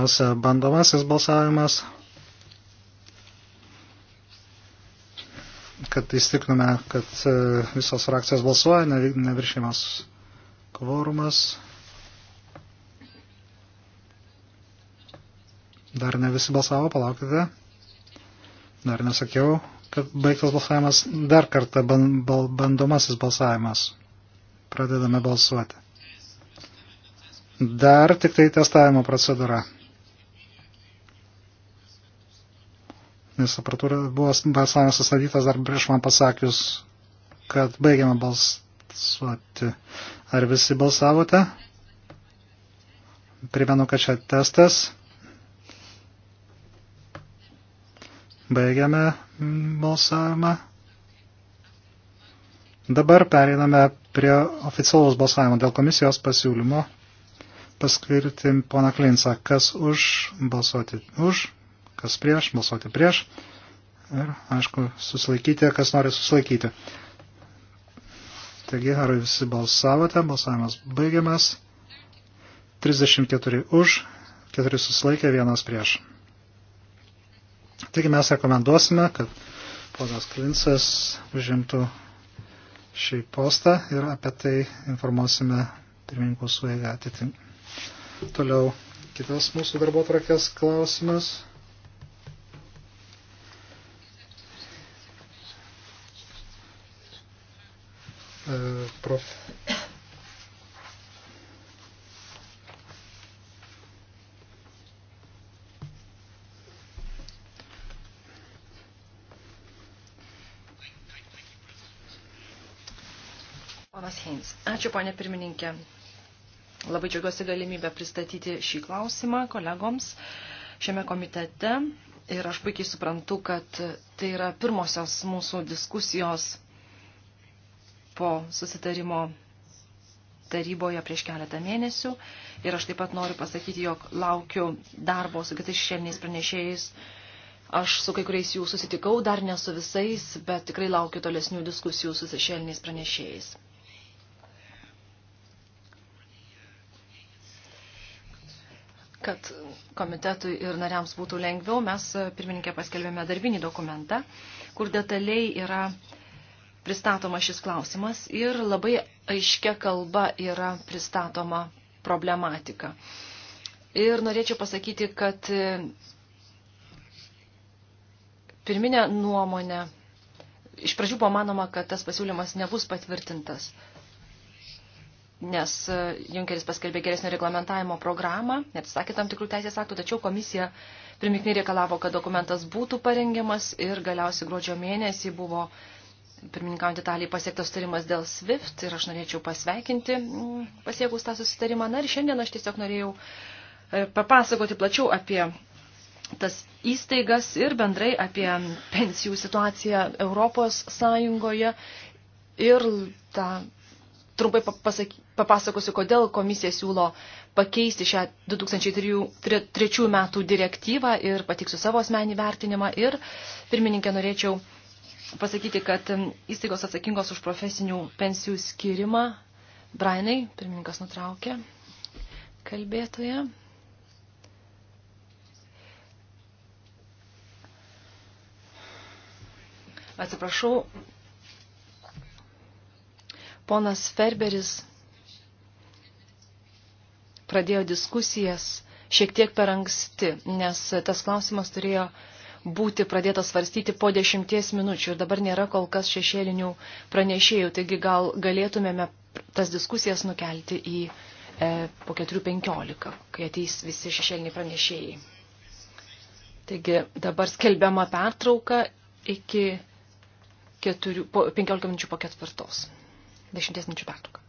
Pirmiausia, e, bandomasis balsavimas, kad įstiknume, kad e, visos frakcijos balsuoja, neviršimas kvorumas. Dar ne visi balsavo, palaukite. Dar nesakiau, kad baigtas balsavimas. Dar kartą ban, bal, bandomasis balsavimas. Pradedame balsuoti. Dar tik tai testavimo procedūra. infrastruktūra buvo balsavimas sustabdytas dar prieš man pasakius, kad baigiame balsuoti. Ar visi balsavote? Primenu, kad čia testas. Baigiame balsavimą. Dabar pereiname prie oficialaus balsavimo dėl komisijos pasiūlymo paskirti poną Klinsą. Kas už balsuoti? Už kas prieš, balsuoti prieš. Ir, aišku, susilaikyti, kas nori susilaikyti. Taigi, ar visi balsavote, balsavimas baigiamas. 34 už, 4 susilaikė, 1 prieš. Taigi mes rekomenduosime, kad ponas Klinsas užimtų šį postą ir apie tai informuosime pirmininkų suėgą atitinkam. Toliau kitas mūsų darbo trakės klausimas. E, prof. Ponas Heins. Ačiū, ponė pirmininkė. Labai džiaugiuosi galimybę pristatyti šį klausimą kolegoms šiame komitete. Ir aš puikiai suprantu, kad tai yra pirmosios mūsų diskusijos po susitarimo taryboje prieš keletą mėnesių. Ir aš taip pat noriu pasakyti, jog laukiu darbo su kitais šešėliniais pranešėjais. Aš su kai kuriais jų susitikau, dar ne su visais, bet tikrai laukiu tolesnių diskusijų su šešėliniais pranešėjais. Kad komitetui ir nariams būtų lengviau, mes pirmininkė paskelbėme darbinį dokumentą, kur detaliai yra uh, pristatoma šis klausimas ir labai aiškia kalba yra pristatoma problematika. Ir norėčiau pasakyti, kad e, pirminė nuomonė, iš pradžių buvo manoma, kad tas pasiūlymas nebus patvirtintas, nes e, Junkeris paskelbė geresnio reglamentavimo programą, neatsisakė tam tikrų teisės aktų, tačiau komisija primikniai reikalavo, kad dokumentas būtų parengiamas ir galiausiai gruodžio mėnesį buvo pirmininkaujant Italijai pasiektas sutarimas dėl SWIFT ir aš norėčiau pasveikinti mm, pasiekus tą susitarimą. Na ir šiandien aš tiesiog norėjau e, papasakoti plačiau apie tas įstaigas ir bendrai apie pensijų situaciją Europos Sąjungoje ir tą trumpai papasaky, papasakosiu, kodėl komisija siūlo pakeisti šią 2003 metų direktyvą ir patiksiu savo asmenį vertinimą ir pirmininkę norėčiau pasakyti, kad įstaigos atsakingos už profesinių pensijų skirimą. Brainai, pirmininkas nutraukė kalbėtoje. Atsiprašau, ponas Ferberis pradėjo diskusijas šiek tiek per anksti, nes tas klausimas turėjo uh, būti pradėtas svarstyti po dešimties minučių ir dabar nėra kol kas šešėlinių pranešėjų, taigi gal galėtumėme tas diskusijas nukelti į e, po 4.15, kai ateis visi šešėliniai pranešėjai. Taigi dabar skelbiama pertrauka iki 4, po, 15 minučių po ketvirtos. 10 minučių pertrauka.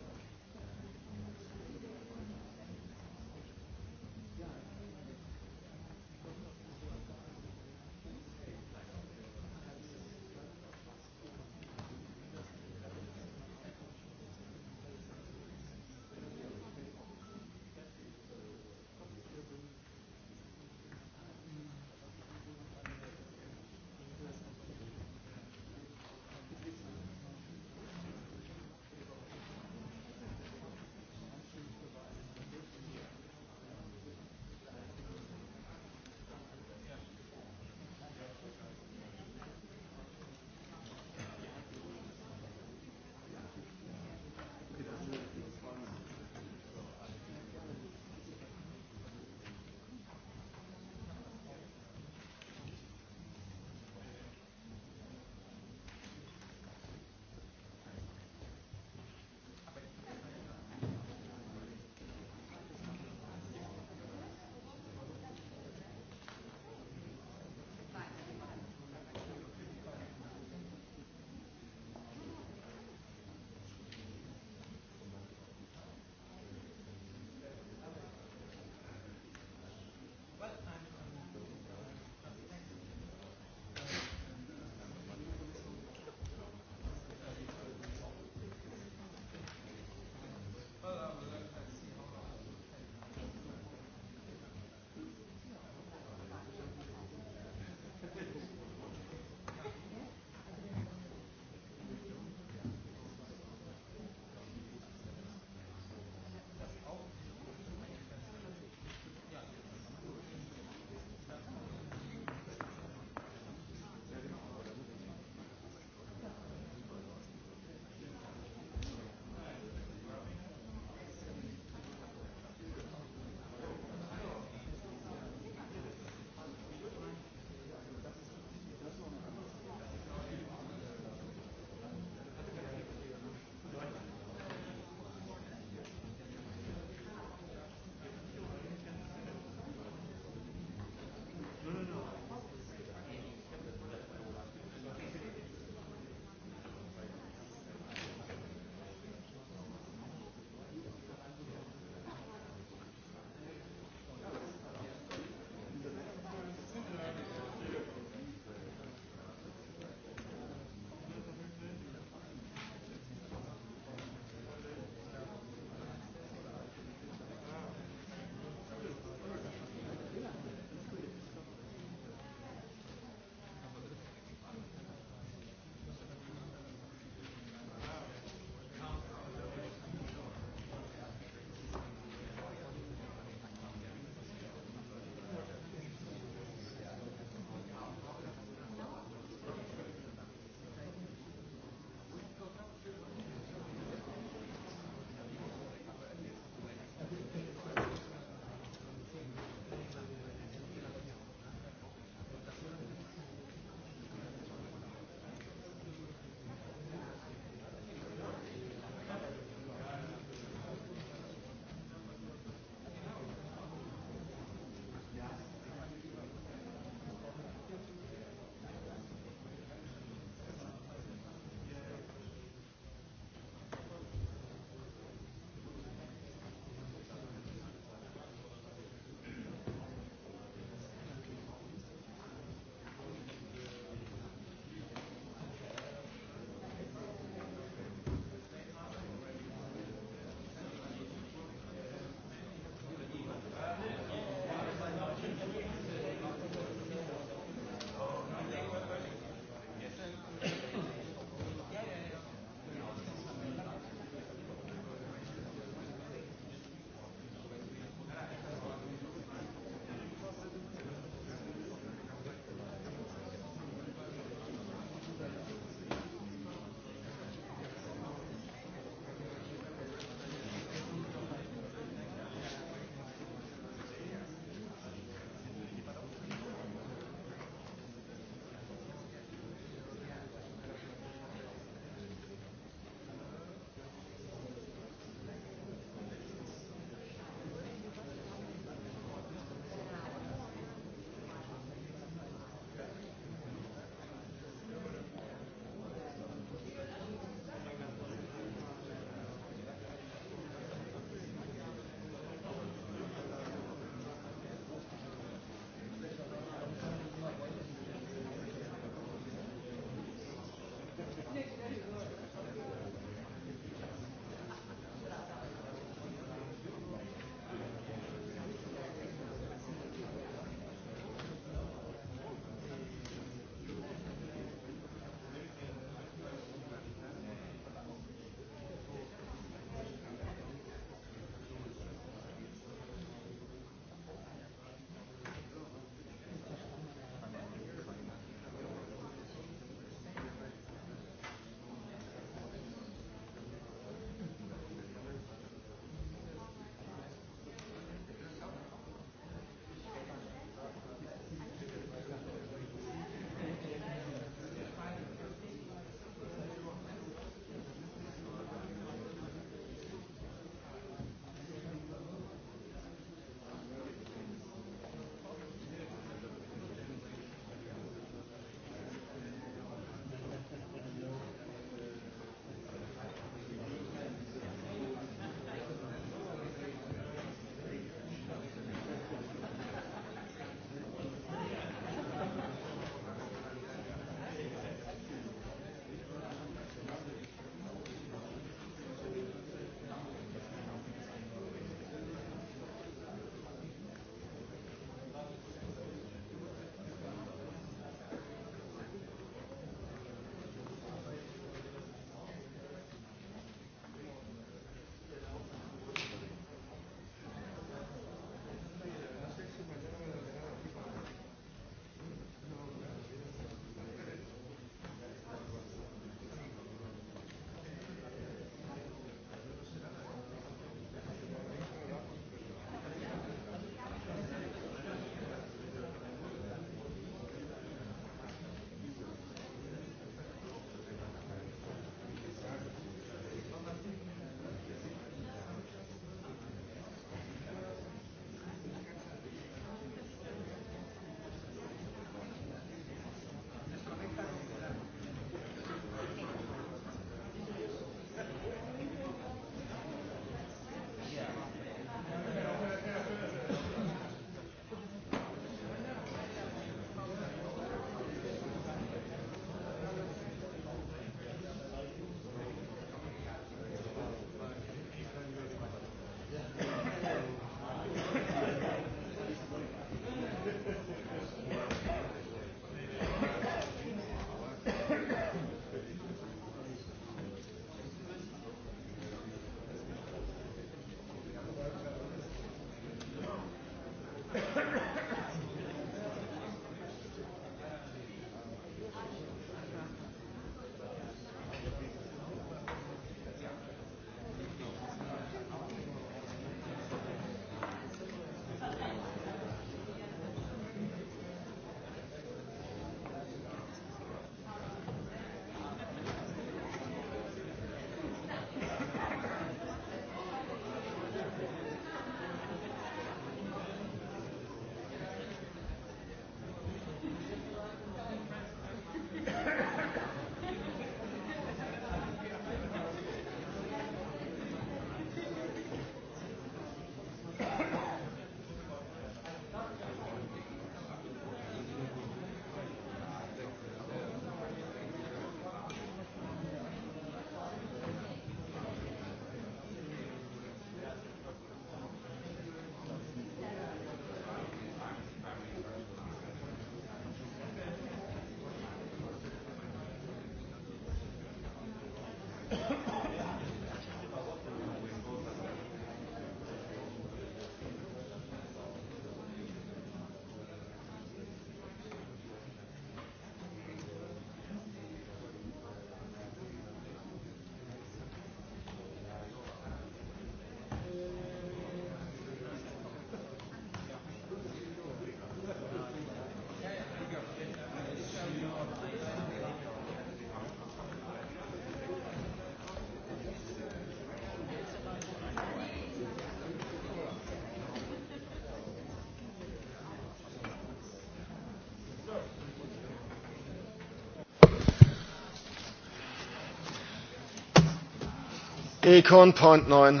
Econ point 9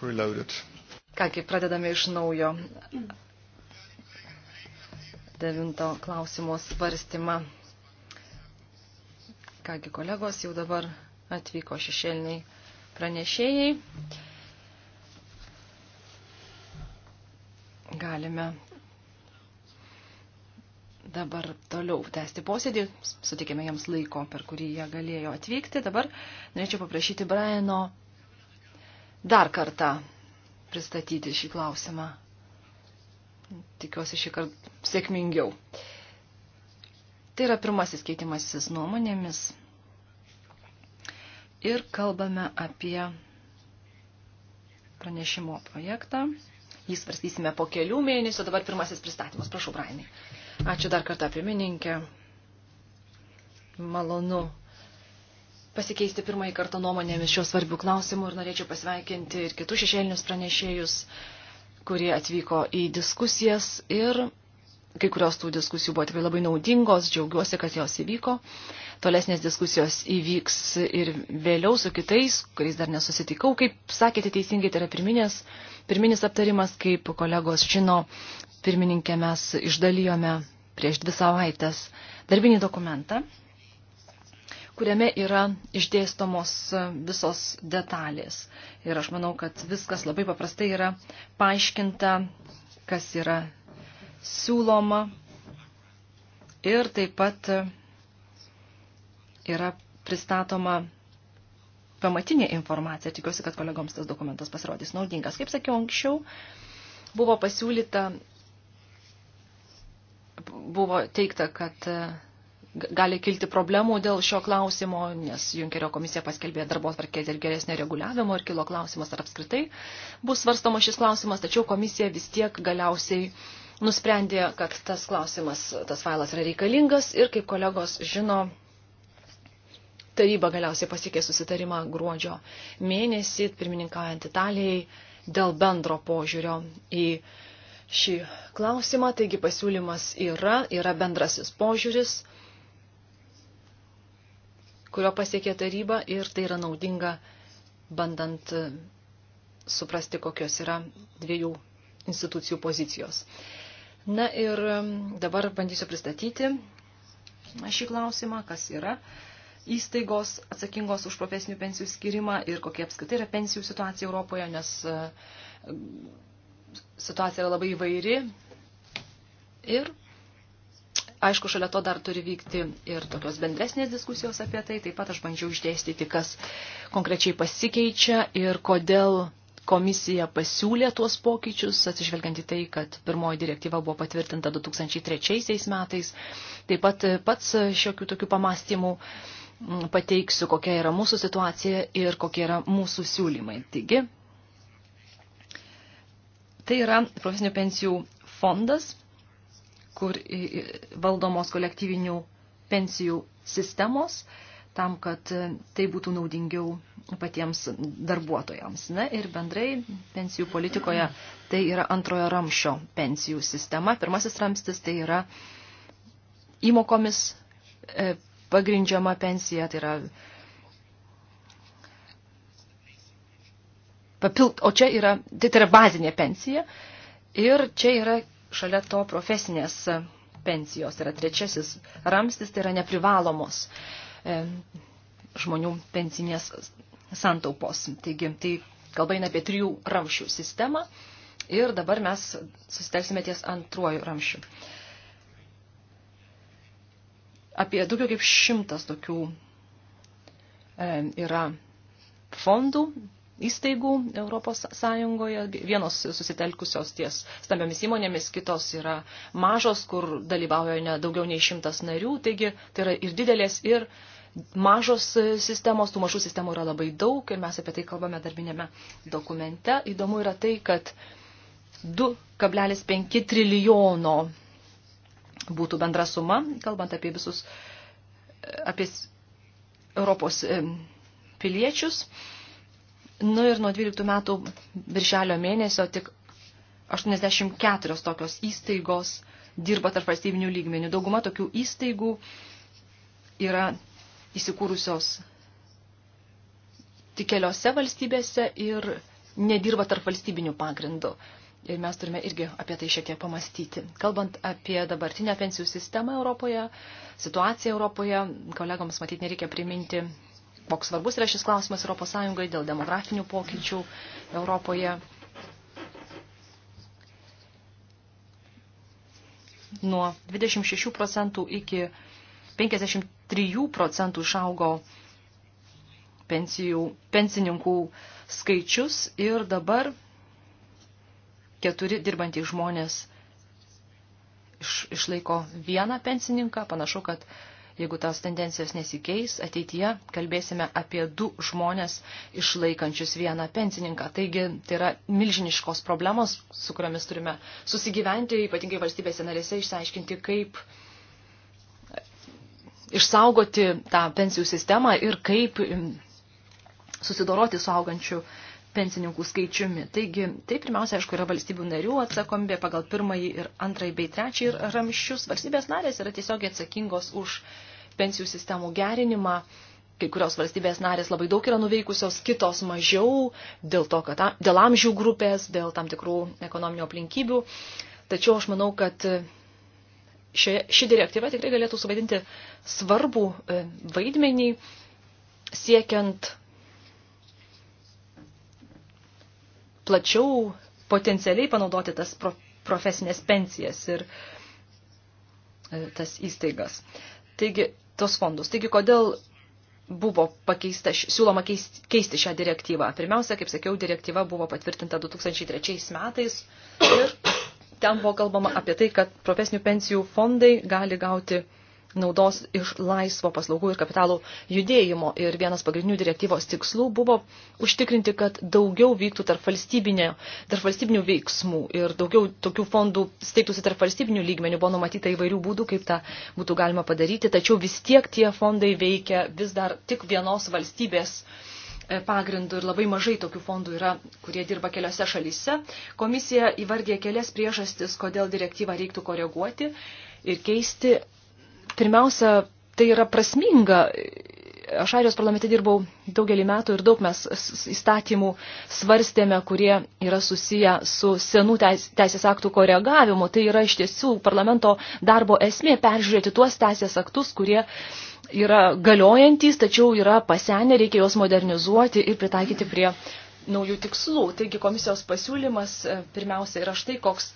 reloaded. Kągi, pradedame iš naujo devinto klausimo svarstymą. Kągi, kolegos, jau dabar atvyko šešėliniai pranešėjai. Galime dabar toliau tęsti posėdį, sutikėme jiems laiko, per kurį jie galėjo atvykti. Dabar norėčiau paprašyti Briano dar kartą pristatyti šį klausimą. Tikiuosi šį kartą sėkmingiau. Tai yra pirmasis keitimasis nuomonėmis. Ir kalbame apie pranešimo projektą. Jį svarstysime po kelių mėnesių, dabar pirmasis pristatymas. Prašau, Brainai. Ačiū dar kartą, pirmininkė. Malonu pasikeisti pirmąjį kartą nuomonėmis šiuo svarbiu klausimu ir norėčiau pasveikinti ir kitus šešėlinius pranešėjus, kurie atvyko į diskusijas ir kai kurios tų diskusijų buvo tikrai labai naudingos, džiaugiuosi, kad jos įvyko. Tolesnės diskusijos įvyks ir vėliau su kitais, kuriais dar nesusitikau. Kaip sakėte teisingai, tai yra pirminės, pirminis aptarimas, kaip kolegos žino, pirmininkė mes išdalijome prieš dvi savaitės darbinį dokumentą kuriame yra išdėstomos visos detalės. Ir aš manau, kad viskas labai paprastai yra paaiškinta, kas yra siūloma. Ir taip pat yra pristatoma pamatinė informacija. Tikiuosi, kad kolegoms tas dokumentas pasirodys naudingas. Kaip sakiau anksčiau, buvo pasiūlyta, buvo teikta, kad gali kilti problemų dėl šio klausimo, nes Junkerio komisija paskelbė darbo atvarkę dėl geresnio reguliavimo ir kilo klausimas, ar apskritai bus svarstama šis klausimas, tačiau komisija vis tiek galiausiai nusprendė, kad tas klausimas, tas failas yra reikalingas ir, kaip kolegos žino, taryba galiausiai pasiekė susitarimą gruodžio mėnesį, pirmininkaujant Italijai, dėl bendro požiūrio į šį klausimą, taigi pasiūlymas yra, yra bendrasis požiūris kurio pasiekė taryba ir tai yra naudinga, bandant e, suprasti, kokios yra dviejų institucijų pozicijos. Na ir e, dabar bandysiu pristatyti šį klausimą, kas yra įstaigos atsakingos už profesinių pensijų skirimą ir kokia apskritai yra pensijų situacija Europoje, nes e, situacija yra labai įvairi. Ir Aišku, šalia to dar turi vykti ir tokios bendresnės diskusijos apie tai. Taip pat aš bandžiau išdėstyti, kas konkrečiai pasikeičia ir kodėl komisija pasiūlė tuos pokyčius, atsižvelgiant į tai, kad pirmoji direktyva buvo patvirtinta 2003 metais. Taip pat pats šiokių tokių pamastymų mm, pateiksiu, kokia yra mūsų situacija ir kokie yra mūsų siūlymai. Taigi, tai yra profesinių pensijų fondas kur valdomos kolektyvinių pensijų sistemos, tam, kad e, tai būtų naudingiau patiems darbuotojams. Na ir bendrai pensijų politikoje tai yra antrojo ramšio pensijų sistema. Pirmasis ramstis tai yra įmokomis e, pagrindžiama pensija, tai yra papilt, o čia yra, tai, tai yra bazinė pensija ir čia yra Šalia to profesinės pensijos yra trečiasis ramstis, tai yra neprivalomos e, žmonių pensinės santaupos. Taigi, tai kalba eina apie trijų ramšių sistemą ir dabar mes susitelksime ties antruoju ramšiu. Apie daugiau kaip šimtas tokių e, yra fondų, įstaigų Europos Sąjungoje, vienos susitelkusios ties stambiomis įmonėmis, kitos yra mažos, kur dalyvauja ne daugiau nei šimtas narių, taigi tai yra ir didelės, ir mažos sistemos, tų mažų sistemų yra labai daug ir mes apie tai kalbame darbinėme dokumente. Įdomu yra tai, kad 2,5 trilijono būtų bendra suma, kalbant apie visus, apie Europos piliečius. Nu ir nuo 12 metų birželio mėnesio tik 84 tokios įstaigos dirba tarp valstybinių lygmenių. Dauguma tokių įstaigų yra įsikūrusios tik keliose valstybėse ir nedirba tarp valstybinių pagrindų. Ir mes turime irgi apie tai šiek tiek pamastyti. Kalbant apie dabartinę pensijų sistemą Europoje, situaciją Europoje, kolegoms matyti nereikia priminti koks svarbus yra šis klausimas ES dėl demografinių pokyčių Europoje. Nuo 26 procentų iki 53 procentų išaugo pensijų, pensininkų skaičius ir dabar keturi dirbantys žmonės iš, išlaiko vieną pensininką. Panašu, kad uh, Jeigu tos tendencijos nesikeis, ateityje kalbėsime apie du žmonės išlaikančius vieną pensininką. Taigi tai yra milžiniškos problemos, su kuriomis turime susigyventi, ypatingai valstybėse narėse, išsiaiškinti, kaip išsaugoti tą pensijų sistemą ir kaip susidoroti su augančiu uh, pensininkų skaičiumi. Taigi, tai pirmiausia, aišku, yra valstybių narių atsakomybė pagal pirmąjį ir antrąjį bei trečiąjį ir ramščius. Valstybės narės yra tiesiogiai atsakingos už pensijų sistemų gerinimą. Kai kurios valstybės narės labai daug yra nuveikusios, kitos mažiau dėl, to, kad, dėl amžių grupės, dėl tam tikrų ekonominio aplinkybių. Tačiau aš manau, kad e, ši, ši direktyva tikrai galėtų suvaidinti svarbų e, vaidmenį siekiant plačiau potencialiai panaudoti tas pro, profesinės pensijas ir e, tas įstaigas. Taigi, tos fondus. Taigi, kodėl buvo pakeista, siūloma keisti šią direktyvą. Pirmiausia, kaip sakiau, direktyva buvo patvirtinta 2003 metais ir ten buvo kalbama apie tai, kad profesinių pensijų fondai gali gauti uh, naudos iš laisvo paslaugų ir kapitalų judėjimo. Ir vienas pagrindinių direktyvos tikslų buvo užtikrinti, kad daugiau vyktų tarp, tarp valstybinių veiksmų ir daugiau tokių fondų steigtųsi tarp valstybinių lygmenių. Buvo numatyta įvairių būdų, kaip tą būtų galima padaryti, tačiau vis tiek tie fondai veikia vis dar tik vienos valstybės e, pagrindų ir labai mažai tokių fondų yra, kurie dirba keliose šalyse. Komisija įvardė kelias priežastis, kodėl direktyvą reiktų koreguoti ir keisti pirmiausia, tai yra prasminga. Aš Airijos parlamente dirbau daugelį metų ir daug mes įstatymų svarstėme, kurie yra susiję su senų teisės aktų koregavimu. Tai yra iš tiesų parlamento darbo esmė peržiūrėti tuos teisės aktus, kurie yra galiojantys, tačiau yra pasenę, reikia juos modernizuoti ir pritaikyti prie naujų tikslų. Taigi komisijos pasiūlymas e, pirmiausia yra štai, koks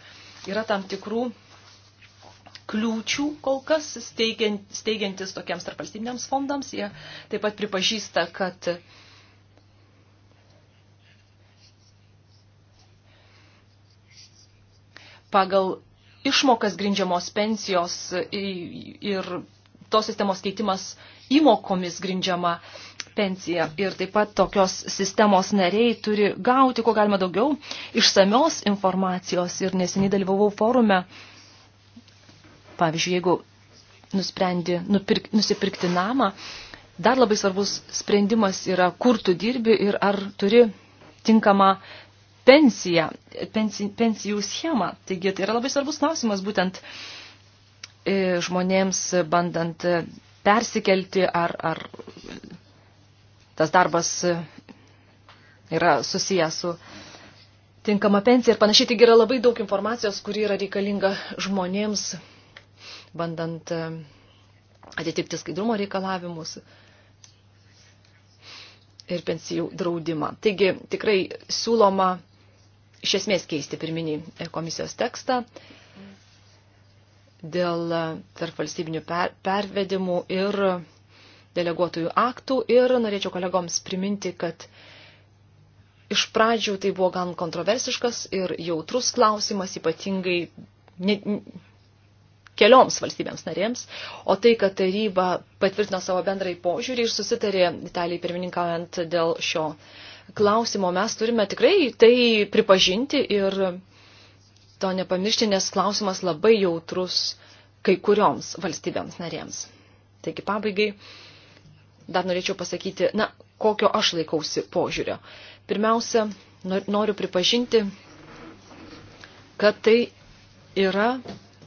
yra tam tikrų kliūčių kol kas steigiant, steigiantis tokiems tarpvalstybiniams fondams. Jie taip pat pripažįsta, kad pagal išmokas grindžiamos pensijos ir tos sistemos keitimas įmokomis grindžiama pensija. Ir taip pat tokios sistemos nariai turi gauti, ko galima daugiau, išsamios informacijos. Ir neseniai dalyvavau forume Pavyzdžiui, jeigu nusprendi nupirk, nusipirkti namą, dar labai svarbus sprendimas yra, kur tu dirbi ir ar turi tinkamą pensiją, pensi, pensijų schemą. Taigi tai yra labai svarbus klausimas būtent e, žmonėms bandant e, persikelti, ar, ar tas darbas e, yra susijęs su tinkama pensija ir panašiai. Taigi yra labai daug informacijos, kuri yra reikalinga žmonėms bandant e, atitikti skaidrumo reikalavimus ir pensijų draudimą. Taigi tikrai siūloma iš esmės keisti pirminį e, komisijos tekstą dėl e, tarp valstybinių per, pervedimų ir deleguotojų aktų ir norėčiau kolegoms priminti, kad iš pradžių tai buvo gan kontroversiškas ir jautrus klausimas, ypatingai ne, kelioms valstybėms narėms, o tai, kad taryba patvirtino savo bendrai požiūrį ir susitarė Italijai pirmininkaujant dėl šio klausimo, mes turime tikrai tai pripažinti ir to nepamiršti, nes klausimas labai jautrus kai kurioms valstybėms narėms. Taigi pabaigai dar norėčiau pasakyti, na, kokio aš laikausi požiūrio. Pirmiausia, noriu pripažinti, kad tai yra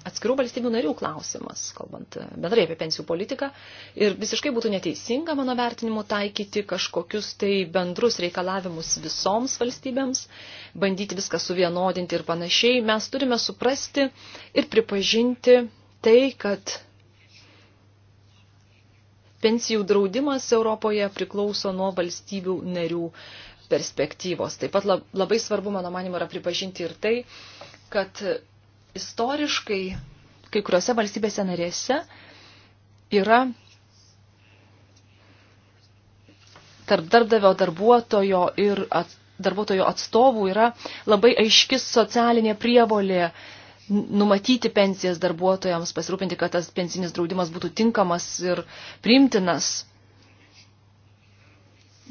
atskirų valstybių narių klausimas, kalbant e, bendrai apie pensijų politiką. Ir visiškai būtų neteisinga mano vertinimu taikyti kažkokius tai bendrus reikalavimus visoms valstybėms, bandyti viską suvienodinti ir panašiai. Mes turime suprasti ir pripažinti tai, kad pensijų draudimas Europoje priklauso nuo valstybių narių perspektyvos. Taip pat labai svarbu, mano manimo, yra pripažinti ir tai, kad istoriškai kai kuriuose valstybėse narėse yra tarp darbdavio darbuotojo ir at, darbuotojo atstovų yra labai aiški socialinė prievolė numatyti pensijas darbuotojams, pasirūpinti, kad tas pensinis draudimas būtų tinkamas ir priimtinas.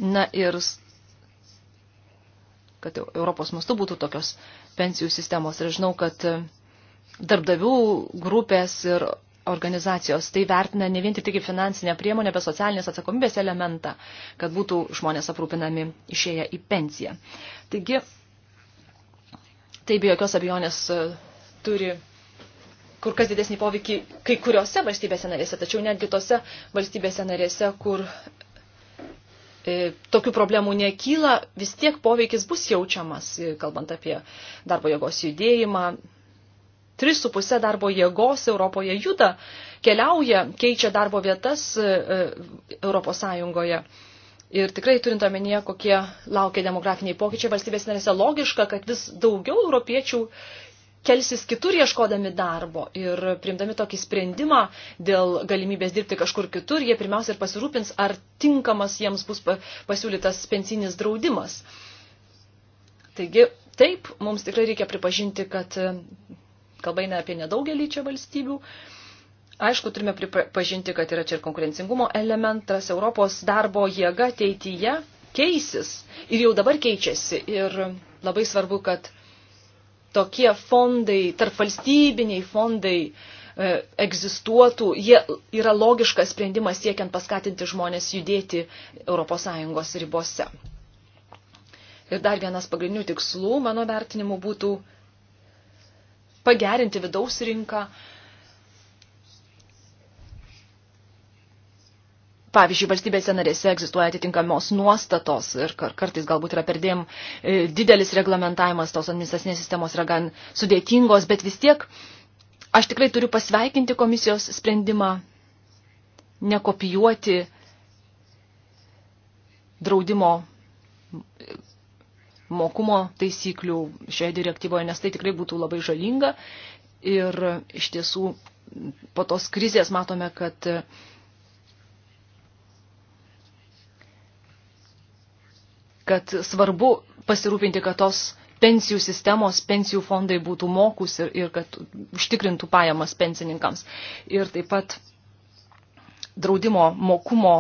Na ir kad Europos mastu būtų tokios pensijų sistemos. Ir žinau, kad darbdavių grupės ir organizacijos tai vertina ne vien tik tai kaip finansinę priemonę, bet socialinės atsakomybės elementą, kad būtų žmonės aprūpinami išėję į pensiją. Taigi, tai be jokios abejonės e, turi kur kas didesnį poveikį kai kuriuose valstybėse narėse, tačiau netgi tose valstybėse narėse, kur e, tokių problemų nekyla, vis tiek poveikis bus jaučiamas, e, kalbant apie darbo jėgos judėjimą, 3,5 darbo jėgos Europoje juda, keliauja, keičia darbo vietas e, e, Europos Sąjungoje. Ir tikrai turint omenyje, kokie laukia demografiniai pokyčiai valstybės narėse, logiška, kad vis daugiau europiečių kelsis kitur ieškodami darbo ir priimdami tokį sprendimą dėl galimybės dirbti kažkur kitur, jie pirmiausia ir pasirūpins, ar tinkamas jiems bus pasiūlytas pensinis draudimas. Taigi, taip, mums tikrai reikia pripažinti, kad kalba eina apie nedaugelį čia valstybių. Aišku, turime pripažinti, kad yra čia ir konkurencingumo elementas, Europos darbo jėga ateityje keisis ir jau dabar keičiasi. Ir labai svarbu, kad tokie fondai, tarp valstybiniai fondai e, egzistuotų, jie yra logiškas sprendimas siekiant paskatinti žmonės judėti ES ribose. Ir dar vienas pagrindinių tikslų, mano vertinimu, būtų pagerinti vidaus rinką. Pavyzdžiui, valstybėse narėse egzistuoja atitinkamos nuostatos ir kartais galbūt yra perdėm e, didelis reglamentavimas, tos administracinės sistemos yra gan sudėtingos, bet vis tiek aš tikrai turiu pasveikinti komisijos sprendimą nekopijuoti draudimo mokumo taisyklių šioje direktyvoje, nes tai tikrai būtų labai žalinga. Ir iš tiesų po tos krizės matome, kad kad svarbu pasirūpinti, kad tos pensijų sistemos, pensijų fondai būtų mokus ir, ir kad užtikrintų pajamas pensininkams. Ir taip pat draudimo mokumo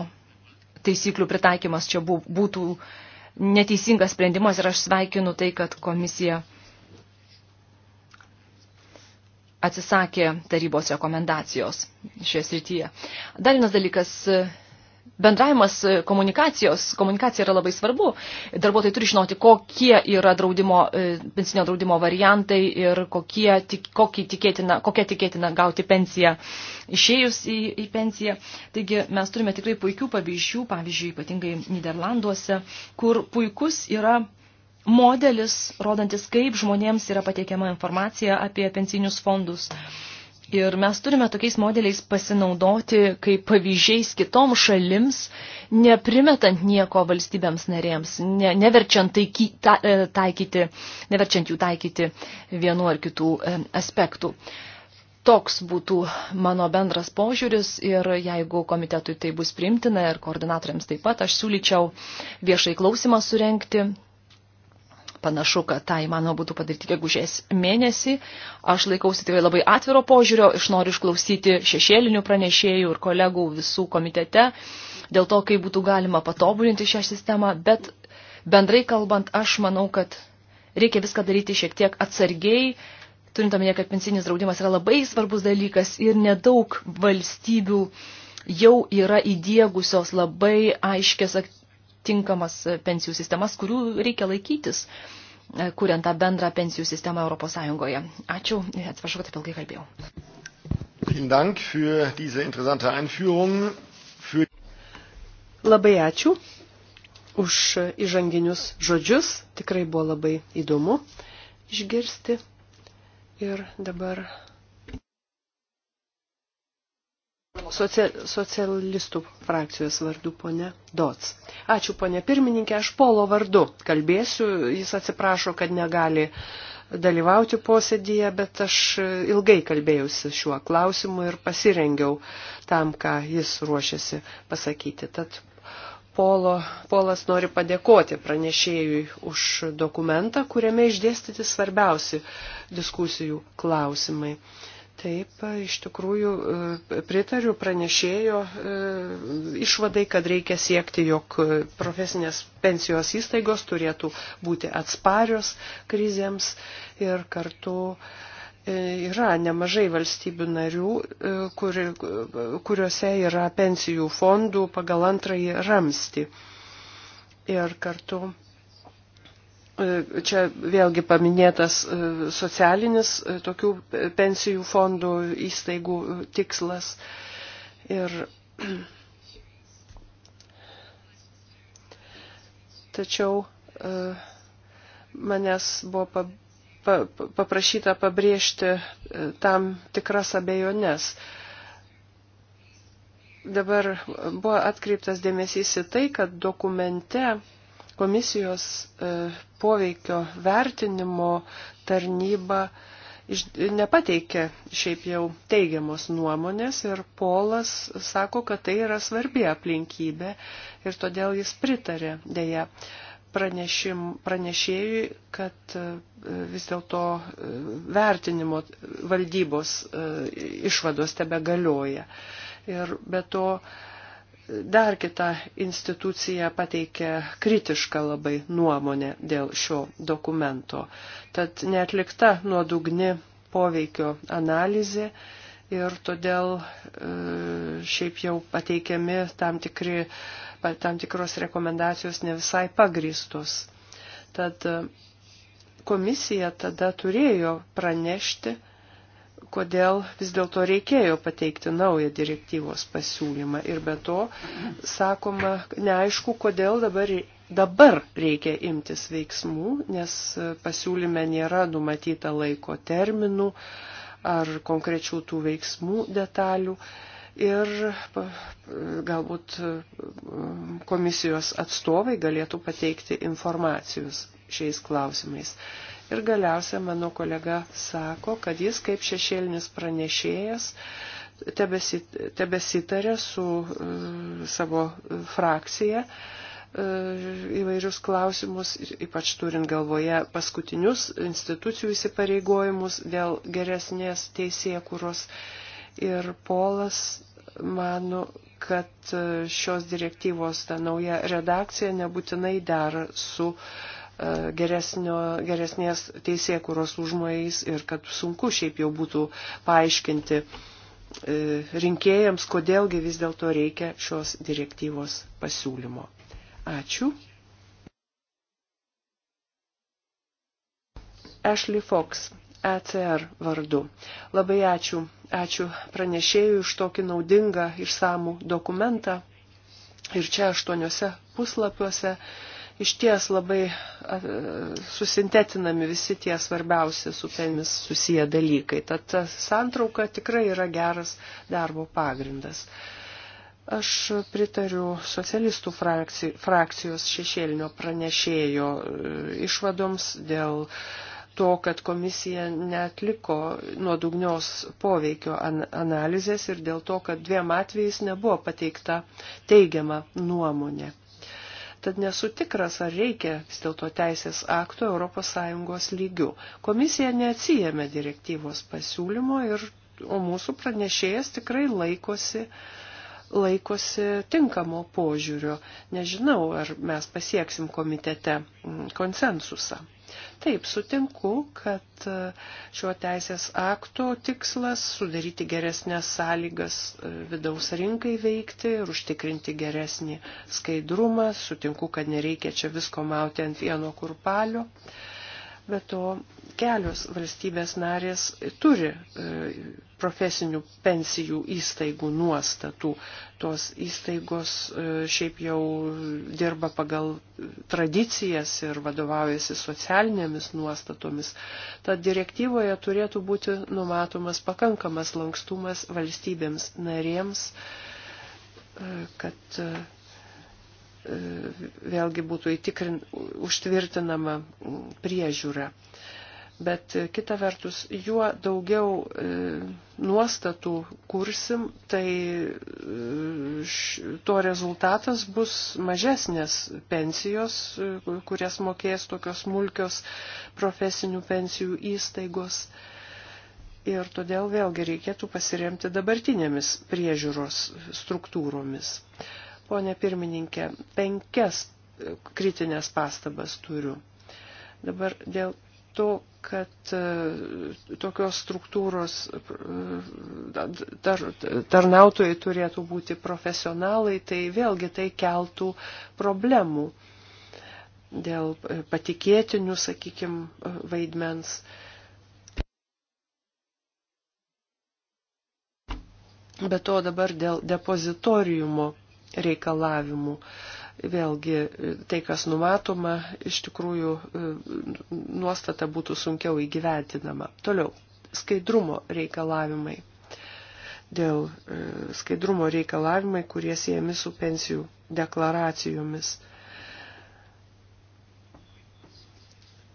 taisyklių pritaikymas čia būtų uh, neteisingas sprendimas ir aš sveikinu tai, kad komisija atsisakė tarybos rekomendacijos šioje srityje. Dar vienas dalykas bendravimas e, komunikacijos, komunikacija yra labai svarbu. Darbuotojai turi žinoti, kokie yra draudimo, e, pensinio draudimo variantai ir kokie, kokie tikėtina, kokia tikėtina gauti pensiją išėjus į, į pensiją. Taigi mes turime tikrai puikių pavyzdžių, pavyzdžiui, ypatingai Niderlanduose, kur puikus yra modelis, rodantis, kaip žmonėms yra pateikiama informacija apie pensinius fondus Ir mes turime tokiais modeliais pasinaudoti kaip pavyzdžiais kitom šalims, neprimetant nieko valstybėms narėms, ne, neverčiant, taiky, ta, e, taikyti, neverčiant jų taikyti vienu ar kitų e, aspektų. Toks būtų mano bendras požiūris ir jeigu komitetui tai bus primtina ir koordinatoriams taip pat, aš siūlyčiau viešai klausimą surenkti Panašu, kad tą tai įmanoma būtų padaryti gegužės mėnesį. Aš laikausi tikrai labai atviro požiūrio, iš noriu išklausyti šešėlinių pranešėjų ir kolegų visų komitete dėl to, kaip būtų galima patobulinti šią sistemą, bet bendrai kalbant, aš manau, kad reikia viską daryti šiek tiek atsargiai, turint omenyje, kad pensinis draudimas yra labai svarbus dalykas ir nedaug valstybių jau yra įdiegusios labai aiškės aktyvės tinkamas pensijų sistemas, kurių reikia laikytis, e, kuriant tą bendrą pensijų sistemą Europos Sąjungoje. Ačiū, atsiprašau, kad taip ilgai kalbėjau. Labai ačiū už įžanginius žodžius, tikrai buvo labai įdomu išgirsti. Ir dabar Socialistų frakcijos vardu ponė Dots. Ačiū ponė pirmininkė, aš Polo vardu kalbėsiu, jis atsiprašo, kad negali dalyvauti posėdėje, bet aš ilgai kalbėjausi šiuo klausimu ir pasirengiau tam, ką jis ruošiasi pasakyti. Tad Polo, Polas nori padėkoti pranešėjui už dokumentą, kuriame išdėstyti svarbiausi diskusijų klausimai. Taip, iš tikrųjų e, pritariu pranešėjo e, išvadai, kad reikia siekti, jog profesinės pensijos įstaigos turėtų būti atsparios krizėms ir kartu e, yra nemažai valstybių narių, kur, kuriuose yra pensijų fondų pagal antrąjį ramsti. Ir kartu E, čia vėlgi paminėtas e, socialinis e, tokių pensijų fondų įstaigų tikslas. Ir tačiau manęs buvo pab paprašyta pabrėžti tam tikras abejones. Dabar buvo atkreiptas dėmesys į tai, kad dokumente komisijos e, poveikio vertinimo tarnyba nepateikė šiaip jau teigiamos nuomonės ir Polas sako, kad tai yra svarbi aplinkybė ir todėl jis pritarė dėja pranešim, pranešėjui, kad e, vis dėlto e, vertinimo valdybos išvados tebe galioja. Ir be to dar kita institucija pateikė kritišką labai nuomonę dėl šio dokumento. Tad netlikta nuodugni poveikio analizė ir todėl e, šiaip jau pateikiami tam, tikri, tam tikros rekomendacijos ne visai pagristos. Tad e, komisija tada turėjo pranešti, kodėl vis dėlto reikėjo pateikti naują direktyvos pasiūlymą. Ir be to, sakoma, neaišku, kodėl dabar, dabar reikia imtis veiksmų, nes pasiūlyme nėra numatyta laiko terminų ar konkrečių tų veiksmų detalių. Ir galbūt mm, komisijos atstovai galėtų pateikti informacijos šiais klausimais. Ir galiausia mano kolega sako, kad jis kaip šešėlinis pranešėjas tebesitarė su uh, savo frakcija e, įvairius klausimus, ypač turint galvoje paskutinius institucijų įsipareigojimus dėl geresnės teisėkuros. Ir Polas mano, kad e, šios direktyvos ta nauja redakcija nebūtinai dera su uh, E, geresnio, geresnės teisėkuros užmojais ir kad sunku šiaip jau būtų paaiškinti e, rinkėjams, kodėlgi vis dėlto reikia šios direktyvos pasiūlymo. Ačiū. Ashley Fox, ECR vardu. Labai ačiū. Ačiū pranešėjui už tokį naudingą išsamų dokumentą. Ir čia aštuoniuose puslapiuose uh, iš ties labai susintetinami visi tie svarbiausi su penmis susiję dalykai. Tad ta santrauka tikrai yra geras darbo pagrindas. Aš pritariu socialistų frakcijos šešėlinio pranešėjo e, išvadoms dėl to, kad komisija netliko nuodugnios poveikio analizės ir dėl to, kad dviem atvejais nebuvo pateikta teigiama nuomonė tad nesu tikras, ar reikia vis dėlto teisės akto ES lygių. Komisija neatsijėmė direktyvos pasiūlymo, ir, o mūsų pranešėjas tikrai laikosi uh, laikosi tinkamo požiūrio. Nežinau, ar mes pasieksim komitete mm, konsensusą. Taip, sutinku, kad e, šio teisės akto tikslas - sudaryti geresnės sąlygas e, vidaus rinkai veikti ir užtikrinti geresnį skaidrumą. Sutinku, kad nereikia čia visko mauti ant vieno kurpalio. Bet to kelios valstybės narės turi e, profesinių pensijų įstaigų nuostatų. Tos įstaigos e, šiaip jau dirba pagal tradicijas ir vadovaujasi socialinėmis nuostatomis. Tad direktyvoje turėtų būti numatomas pakankamas lankstumas valstybėms narėms, e, kad E, vėlgi būtų įtikrin, užtvirtinama priežiūra. Bet e, kita vertus, juo daugiau e, nuostatų kursim, tai e, š, to rezultatas bus mažesnės pensijos, kurias mokės tokios smulkios profesinių pensijų įstaigos. Ir todėl vėlgi reikėtų pasiremti dabartinėmis priežiūros struktūromis. E, Pone pirmininkė, penkias kritinės pastabas turiu. Dabar dėl to, kad e, tokios struktūros e, tar, tarnautojai turėtų būti profesionalai, tai vėlgi tai keltų problemų dėl e, patikėtinių, sakykime, vaidmens. Be to dabar dėl depozitorijų reikalavimų. Vėlgi, tai, kas numatoma, iš tikrųjų nuostata būtų sunkiau įgyventinama. Toliau, skaidrumo reikalavimai. Dėl e, skaidrumo reikalavimai, kurie siejami su pensijų deklaracijomis.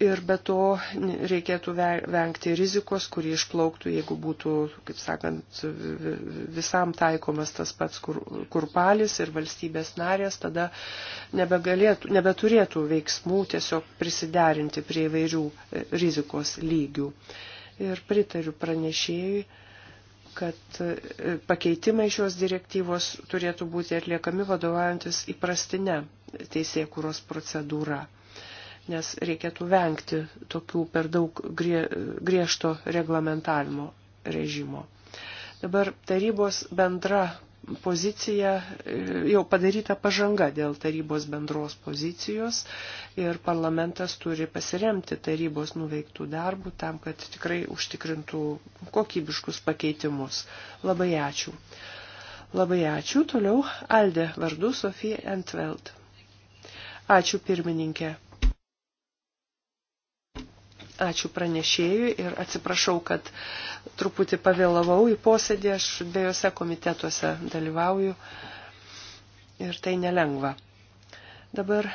Ir be to reikėtų vengti rizikos, kuri išplauktų, jeigu būtų, kaip sakant, visam taikomas tas pats kur, kurpalis ir valstybės narės, tada nebeturėtų veiksmų tiesiog prisiderinti prie įvairių e, rizikos lygių. Ir pritariu pranešėjui, kad e, pakeitimai šios direktyvos turėtų būti atliekami vadovaujantis įprastinę teisėkuros procedūrą nes reikėtų vengti tokių per daug grie, griežto reglamentavimo režimo. Dabar tarybos bendra pozicija, jau padaryta pažanga dėl tarybos bendros pozicijos ir parlamentas turi pasiremti tarybos nuveiktų darbų tam, kad tikrai užtikrintų kokybiškus pakeitimus. Labai ačiū. Labai ačiū. Toliau Aldė vardu Sofija Entveld. Ačiū pirmininkė. Ačiū pranešėjui ir atsiprašau, kad truputį pavėlavau į posėdį, aš dviejose komitetuose dalyvauju ir tai nelengva. Dabar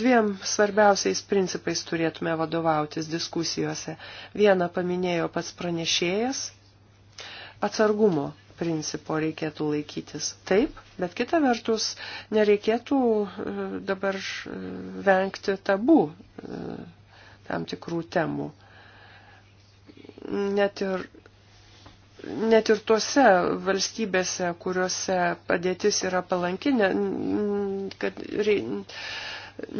dviem svarbiausiais principais turėtume vadovautis diskusijose. Vieną paminėjo pats pranešėjas - atsargumo principo reikėtų laikytis. Taip, bet kita vertus, nereikėtų e, dabar e, vengti tabų e, tam tikrų temų. Net ir, net ir tuose valstybėse, kuriuose padėtis yra palankinė, kad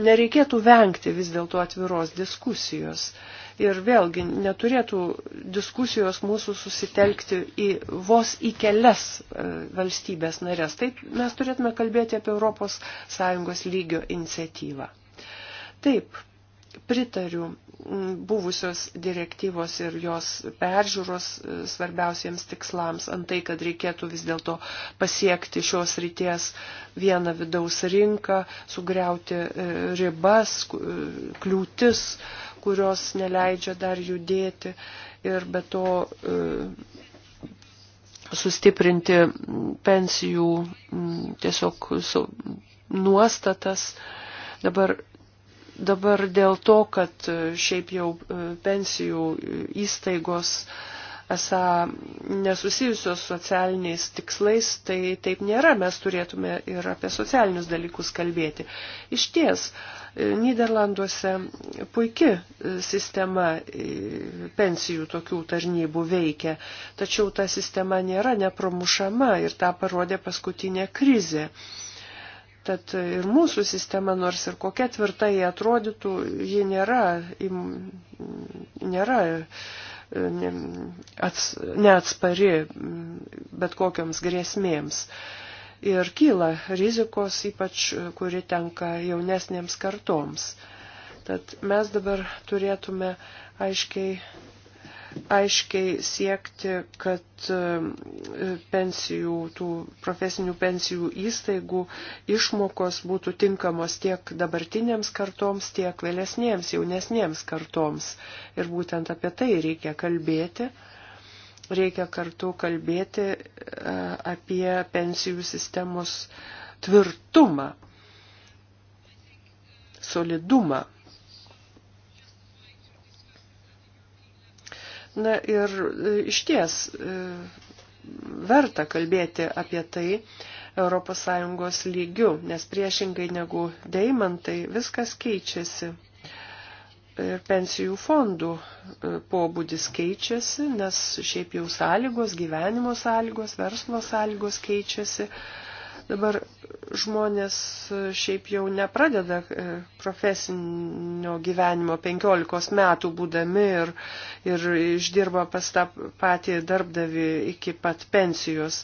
nereikėtų vengti vis dėlto atviros diskusijos. Ir vėlgi neturėtų diskusijos mūsų susitelkti į vos į kelias e, valstybės narės. Taip mes turėtume kalbėti apie ES lygio iniciatyvą. Taip, pritariu buvusios direktyvos ir jos peržiūros e, svarbiausiems tikslams, antai, kad reikėtų vis dėlto pasiekti šios ryties vieną vidaus rinką, sugriauti e, ribas, e, kliūtis, kurios neleidžia dar judėti ir be to sustiprinti pensijų tiesiog nuostatas. Dabar dabar dėl to, kad e, šiaip jau e, pensijų e, įstaigos esą nesusijusios socialiniais tikslais, tai taip nėra, mes turėtume ir apie socialinius dalykus kalbėti. Iš ties, Niderlanduose puikia sistema pensijų tokių tarnybų veikia, tačiau ta sistema nėra nepromušama ir tą parodė paskutinė krizė. Tad ir mūsų sistema, nors ir kokia tvirta jie atrodytų, ji nėra, nėra ats, neatspari mm, bet kokiams grėsmėms. Ir kyla rizikos, ypač kuri tenka jaunesnėms kartoms. Tad mes dabar turėtume aiškiai aiškiai siekti, kad e, pensijų, tų profesinių pensijų įstaigų išmokos būtų tinkamos tiek dabartinėms kartoms, tiek vėlesnėms, jaunesnėms kartoms. Ir būtent apie tai reikia kalbėti. Reikia kartu kalbėti e, apie pensijų sistemos tvirtumą, solidumą. Na ir e, iš ties e, verta kalbėti apie tai ES lygių, nes priešingai negu deimantai viskas keičiasi. Ir pensijų fondų e, pobūdis keičiasi, nes šiaip jau sąlygos, gyvenimo sąlygos, verslo sąlygos keičiasi. Dabar žmonės šiaip jau nepradeda e, profesinio gyvenimo 15 metų būdami ir, ir išdirba pas tą patį darbdavį iki pat pensijos.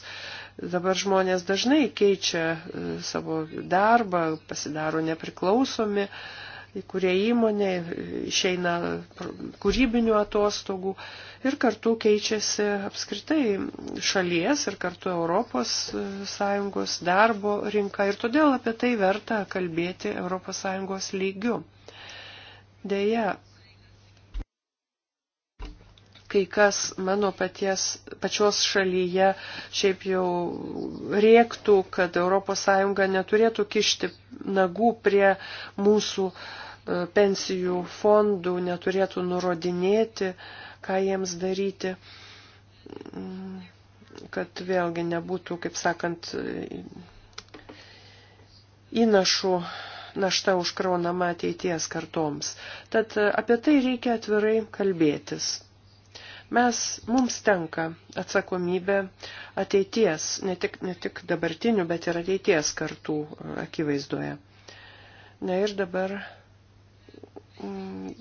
Dabar žmonės dažnai keičia e, savo darbą, pasidaro nepriklausomi, kurie įmonė išeina kūrybinių atostogų. E, ir kartu keičiasi apskritai šalies ir kartu ES e, darbo rinka ir todėl apie tai verta kalbėti ES lygiu. Deja, kai kas mano paties, pačios šalyje šiaip jau rėktų, kad ES neturėtų kišti nagų prie mūsų e, pensijų fondų, neturėtų nurodinėti uh, ką jiems daryti, kad vėlgi nebūtų, kaip sakant, įnašų našta užkraunama ateities kartoms. Tad apie tai reikia atvirai kalbėtis mes, mums tenka atsakomybė ateities, ne tik, ne tik dabartinių, bet ir ateities kartų akivaizdoje. Na ir dabar mm,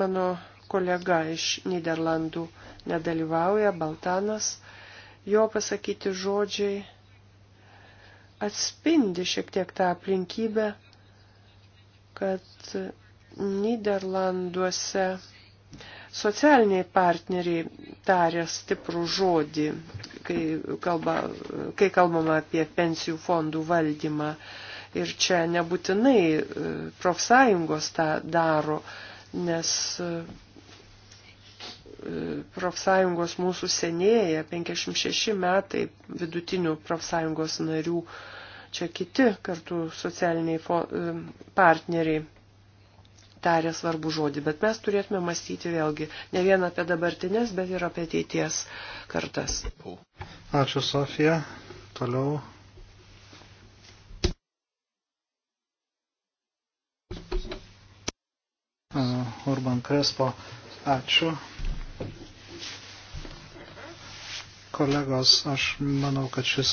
mano kolega iš Niderlandų nedalyvauja, Baltanas, jo pasakyti žodžiai atspindi šiek tiek tą aplinkybę, kad Niderlanduose socialiniai partneriai tarė stiprų žodį, kai, kalba, kai kalbama apie pensijų fondų valdymą. Ir čia nebūtinai e, profsąjungos tą daro, nes e, profsąjungos mūsų senėja, 56 metai vidutinių profsąjungos narių, čia kiti kartu socialiniai e, partneriai tarė svarbų žodį, bet mes turėtume mąstyti vėlgi ne vien apie dabartinės, bet ir apie ateities kartas. Ačiū, Sofija. Toliau. E, Urban Krespo. Ačiū. Kolegos, aš manau, kad šis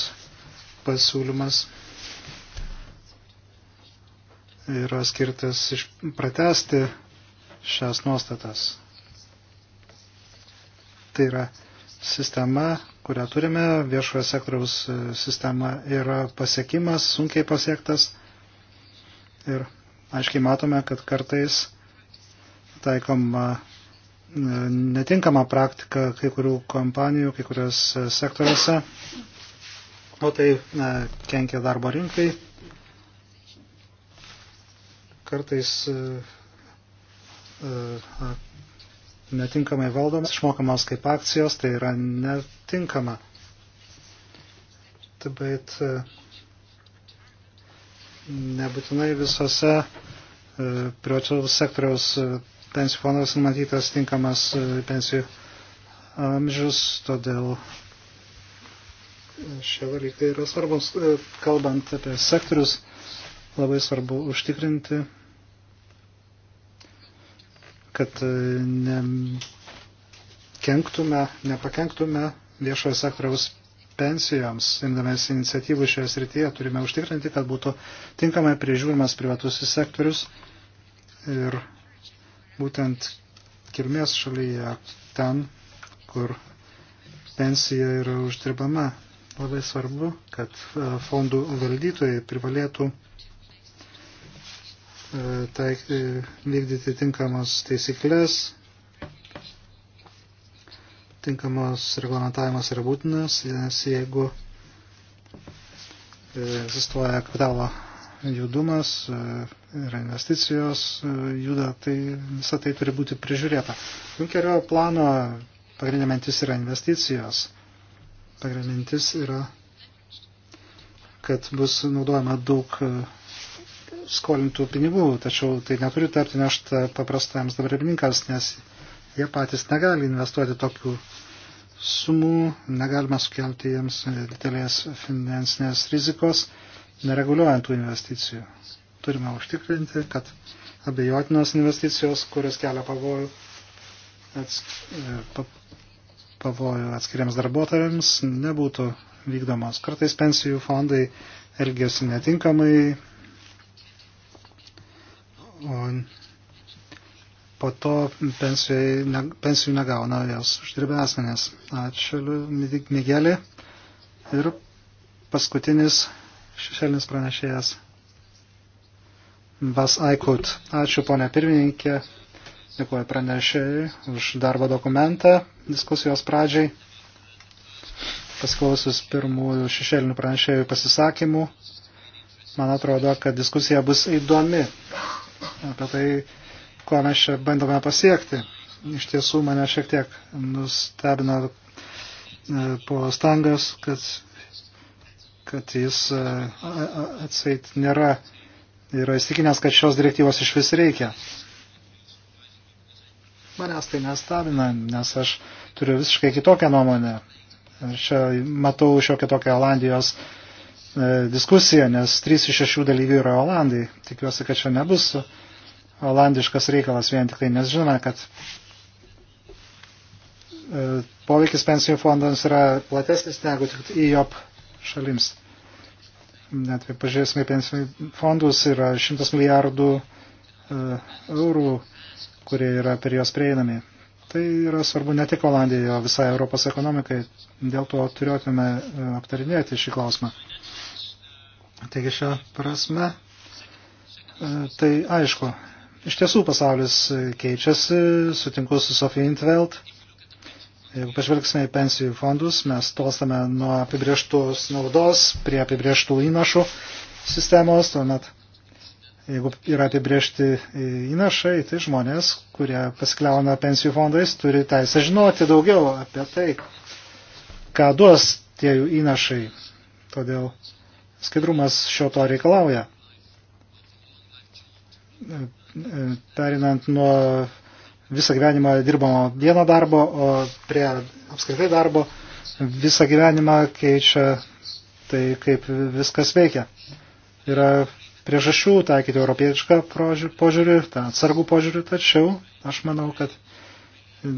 pasiūlymas yra skirtas pratesti šias nuostatas. Tai yra sistema, kurią turime, viešojo sektoriaus e, sistema yra pasiekimas, sunkiai pasiektas. Ir aiškiai matome, kad kartais taikoma netinkama praktika kai kurių kompanijų, kai kuriuose sektoriuose, o tai e, kenkia darbo rinkai. Kartais e, e, netinkamai valdomas, išmokamas kaip akcijos, tai yra netinkama. Taip, bet nebūtinai visose privačiaus sektoriaus pensijų fondas numatytas tinkamas e, pensijų amžius, todėl e, šie dalykai yra svarbus. E, kalbant apie sektorius, labai svarbu užtikrinti, kad ne kenktume, nepakenktume viešojo sektoriaus pensijoms, imdamės iniciatyvų šioje srityje, turime užtikrinti, kad būtų tinkamai prižiūrimas privatusis sektorius ir būtent kilmės šalyje, ten, kur pensija yra uždirbama. Labai svarbu, kad e, fondų valdytojai privalėtų e, taik, e, vykdyti tinkamos taisyklės, tinkamos reglamentavimas yra būtinas, nes jeigu egzistuoja kapitalo judumas ir e, investicijos e, juda, tai visą tai turi būti prižiūrėta. Junkerio plano pagrindinė mintis yra investicijos. Pagrindinė mintis yra, kad bus naudojama daug e, skolintų pinigų, tačiau tai neturi tarti neštą paprastams dabarininkams, nes jie patys negali investuoti tokių sumų, negalima sukelti jiems didelės finansinės rizikos nereguliuojant tų investicijų. Turime užtikrinti, kad abejotinos investicijos, kurios kelia pavojų, ats, e, pa, pavojų atskiriams darbuotojams, nebūtų vykdomos. Kartais pensijų fondai elgėsi netinkamai, o po to pensijai, ne, pensijų negauna jos uždirbę asmenės. Ačiū, Migelė. Ir paskutinis šešėlinis pranešėjas Bas Aikut. Ačiū ponė pirmininkė, dėkuoju pranešėjai už darbo dokumentą diskusijos pradžiai. Pasiklausus pirmųjų šešėlinių pranešėjų pasisakymų, man atrodo, kad diskusija bus įdomi apie tai, ko mes čia bandome pasiekti. Iš tiesų mane šiek tiek nustebino e, po stangas, kad kad jis e, atsveit nėra, yra įstikinęs, kad šios direktyvos iš vis reikia. Manęs tai nestabina, nes aš turiu visiškai kitokią nuomonę. Aš matau šiokią tokią Olandijos e, diskusiją, nes 3 iš 6 dalyvių yra Olandai. Tikiuosi, kad čia nebus olandiškas reikalas vien tik tai, nes žinome, kad e, poveikis pensijų fondams yra platesnis negu tik į JOP šalims net jei pažiūrėsime pensijų fondus, yra 100 milijardų e, eurų, kurie yra per juos prieinami. Tai yra svarbu ne tik Olandijai, o visai Europos ekonomikai. Dėl to turėtume e, aptarinėti šį klausimą. Taigi šią prasme, e, tai aišku, iš tiesų pasaulis keičiasi, sutinku su Sofie Intveld Jeigu pažvelgsime į pensijų fondus, mes tolstame nuo apibrieštos naudos prie apibrieštų įnašų sistemos, tuomet jeigu yra apibriešti įnašai, tai žmonės, kurie pasikliauna pensijų fondais, turi teisę žinoti daugiau apie tai, ką duos tie jų įnašai. Todėl skaidrumas šio to reikalauja. Perinant nuo visą gyvenimą dirbama vieno darbo, o prie apskritai darbo visą gyvenimą keičia tai, kaip viskas veikia. Yra priežasčių taikyti europietišką požiūrį, tą atsargų požiūrį, tačiau aš manau, kad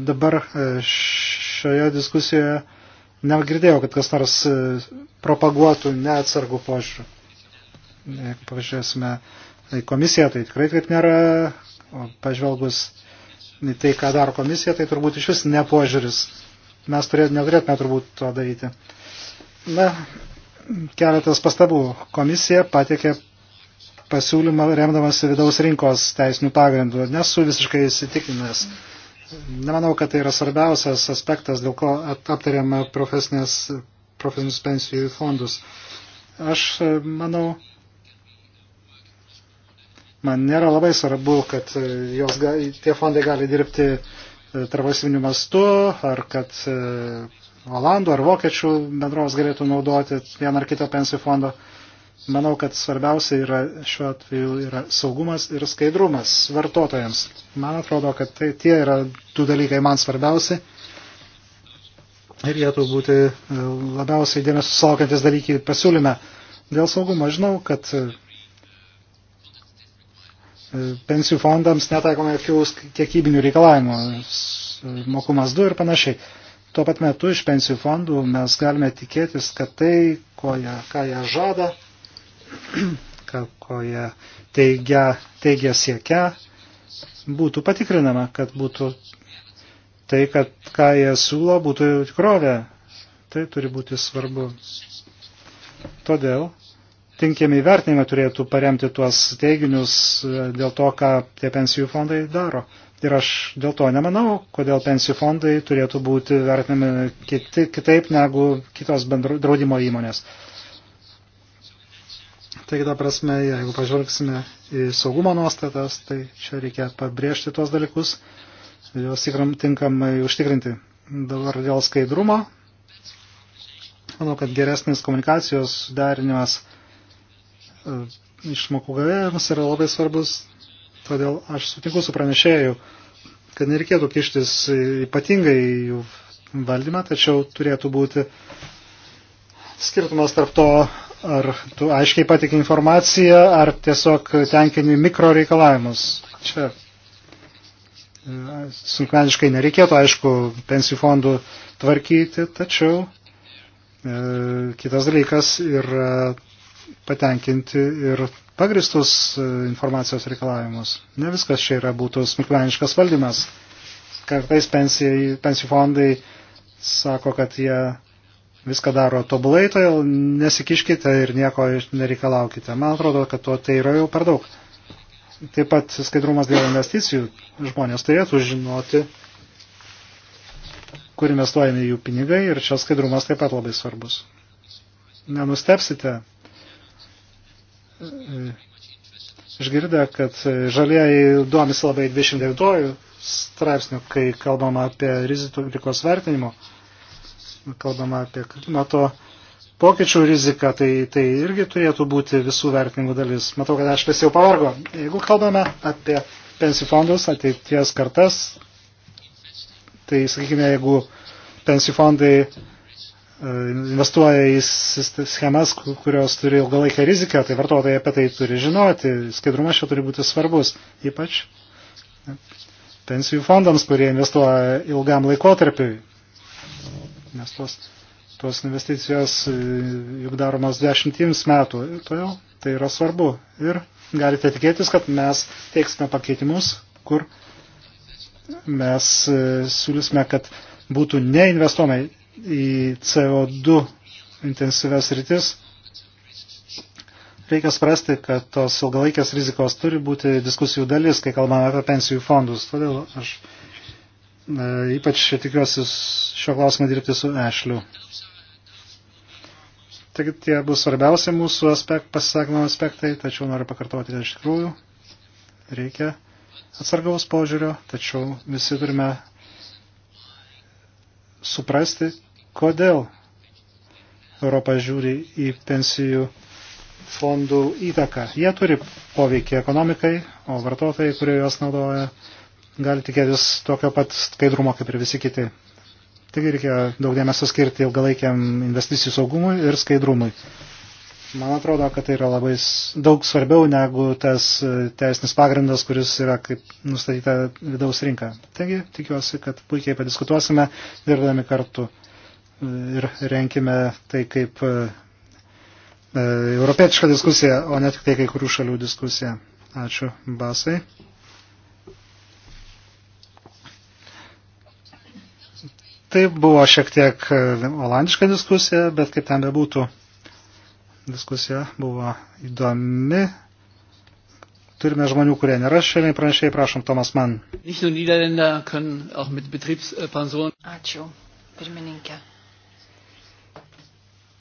dabar e, šioje diskusijoje negirdėjau, kad kas nors e, propaguotų neatsargų požiūrį. Jeigu pažiūrėsime į komisiją, tai tikrai taip nėra, o pažvelgus tai, ką daro komisija, tai turbūt iš vis nepožiūris. Mes turėt, neturėtume turbūt to daryti. Na, keletas pastabų. Komisija patikė pasiūlymą remdamasi vidaus rinkos teisinių pagrindų. Nesu visiškai įsitikinęs. Nemanau, kad tai yra svarbiausias aspektas, dėl ko aptariame profesinius pensijų fondus. Aš e, manau, Man nėra labai svarbu, kad e, jos, tie fondai gali dirbti e, tarpvalstybiniu mastu, ar kad e, Olandų ar Vokiečių bendrovas galėtų naudoti vieną ar kitą pensijų fondą. Manau, kad svarbiausia yra šiuo atveju yra saugumas ir skaidrumas vartotojams. Man atrodo, kad tai, tie yra du dalykai man svarbiausi. Ir jie turi būti labiausiai dėmesio sulaukiantis dalykai pasiūlyme. Dėl saugumo žinau, kad E, pensijų fondams netaikoma jokių kiekybinių reikalavimų, mokumas 2 ir panašiai. Tuo pat metu iš pensijų fondų mes galime tikėtis, kad tai, ko jie, ką jie žada, ką, ko jie teigia, teigia siekia, būtų patikrinama, kad būtų tai, kad ką jie siūlo, būtų tikrovė. Tai turi būti svarbu. Todėl tinkami vertinimai turėtų paremti tuos teiginius e, dėl to, ką tie pensijų fondai daro. Ir aš dėl to nemanau, kodėl pensijų fondai turėtų būti vertinami kiti, kitaip negu kitos bendro, draudimo įmonės. Taigi, ta prasme, jeigu pažvelgsime į saugumo nuostatas, tai čia reikia pabrėžti tuos dalykus, juos tinkamai užtikrinti. Dabar dėl skaidrumo. Manau, kad geresnis komunikacijos derinimas E, išmokų gavėjams yra labai svarbus, todėl aš sutinku su pranešėju, kad nereikėtų kištis ypatingai jų valdymą, tačiau turėtų būti skirtumas tarp to, ar tu aiškiai patik informaciją, ar tiesiog tenkini mikro reikalavimus. Čia e, sunkmeniškai nereikėtų, aišku, pensijų fondų tvarkyti, tačiau e, kitas dalykas yra patenkinti ir pagristus e, informacijos reikalavimus. Ne viskas čia yra būtų smulkmeniškas valdymas. Kartais pensijai, pensijų fondai sako, kad jie viską daro tobulai, todėl nesikiškite ir nieko nereikalaukite. Man atrodo, kad to tai yra jau per daug. Taip pat skaidrumas dėl investicijų. Žmonės turėtų žinoti, kur investuojami jų pinigai ir čia skaidrumas taip pat labai svarbus. Nenustepsite išgirdę, mm. kad žalieji duomis labai 29 straipsnių, kai kalbama apie rizikos vertinimo, kalbama apie klimato pokyčių riziką, tai, tai irgi turėtų būti visų vertinimų dalis. Matau, kad aš vis jau pavargo. Jeigu kalbame apie pensijų fondus, ateities kartas, tai sakykime, jeigu pensijų fondai E, investuoja į schemas, kurios turi ilgalaikę riziką, tai vartotojai apie tai turi žinoti. Skaidrumas čia turi būti svarbus, ypač pensijų fondams, kurie investuoja ilgam laikotarpiui. Nes tos, tos investicijos e, juk daromos dešimtims metų, todėl tai yra svarbu. Ir galite tikėtis, kad mes teiksime pakeitimus, kur mes e, siūlysime, kad būtų neinvestuojama į CO2 intensyves rytis, reikia suprasti, kad tos ilgalaikės rizikos turi būti diskusijų dalis, kai kalbame apie pensijų fondus. Todėl aš e, ypač tikiuosi šio klausimą dirbti su Ešliu. Taigi tie bus svarbiausi mūsų aspekt, pasisakymo aspektai, tačiau noriu pakartoti, kad iš tikrųjų reikia atsargaus požiūrio, tačiau visi turime suprasti, Kodėl Europa žiūri į pensijų fondų įtaką? Jie turi poveikį ekonomikai, o vartotojai, kurie juos naudoja, gali tikėtis tokio pat skaidrumo kaip ir visi kiti. Taigi reikia daug dėmesio skirti ilgalaikiam investicijų saugumui ir skaidrumui. Man atrodo, kad tai yra labai daug svarbiau negu tas e, teisinis pagrindas, kuris yra kaip nustatyta vidaus rinka. Taigi tikiuosi, kad puikiai padiskutuosime dirbdami kartu ir renkime tai kaip e, e, europietišką diskusiją, o ne tik tai kai kurių šalių diskusiją. Ačiū, Basai. Tai buvo šiek tiek e, olandiška diskusija, bet kaip ten bebūtų, diskusija buvo įdomi. Turime žmonių, kurie nėra šiandien pranešėjai, prašom, Tomas Mann. Ačiū, pirmininkė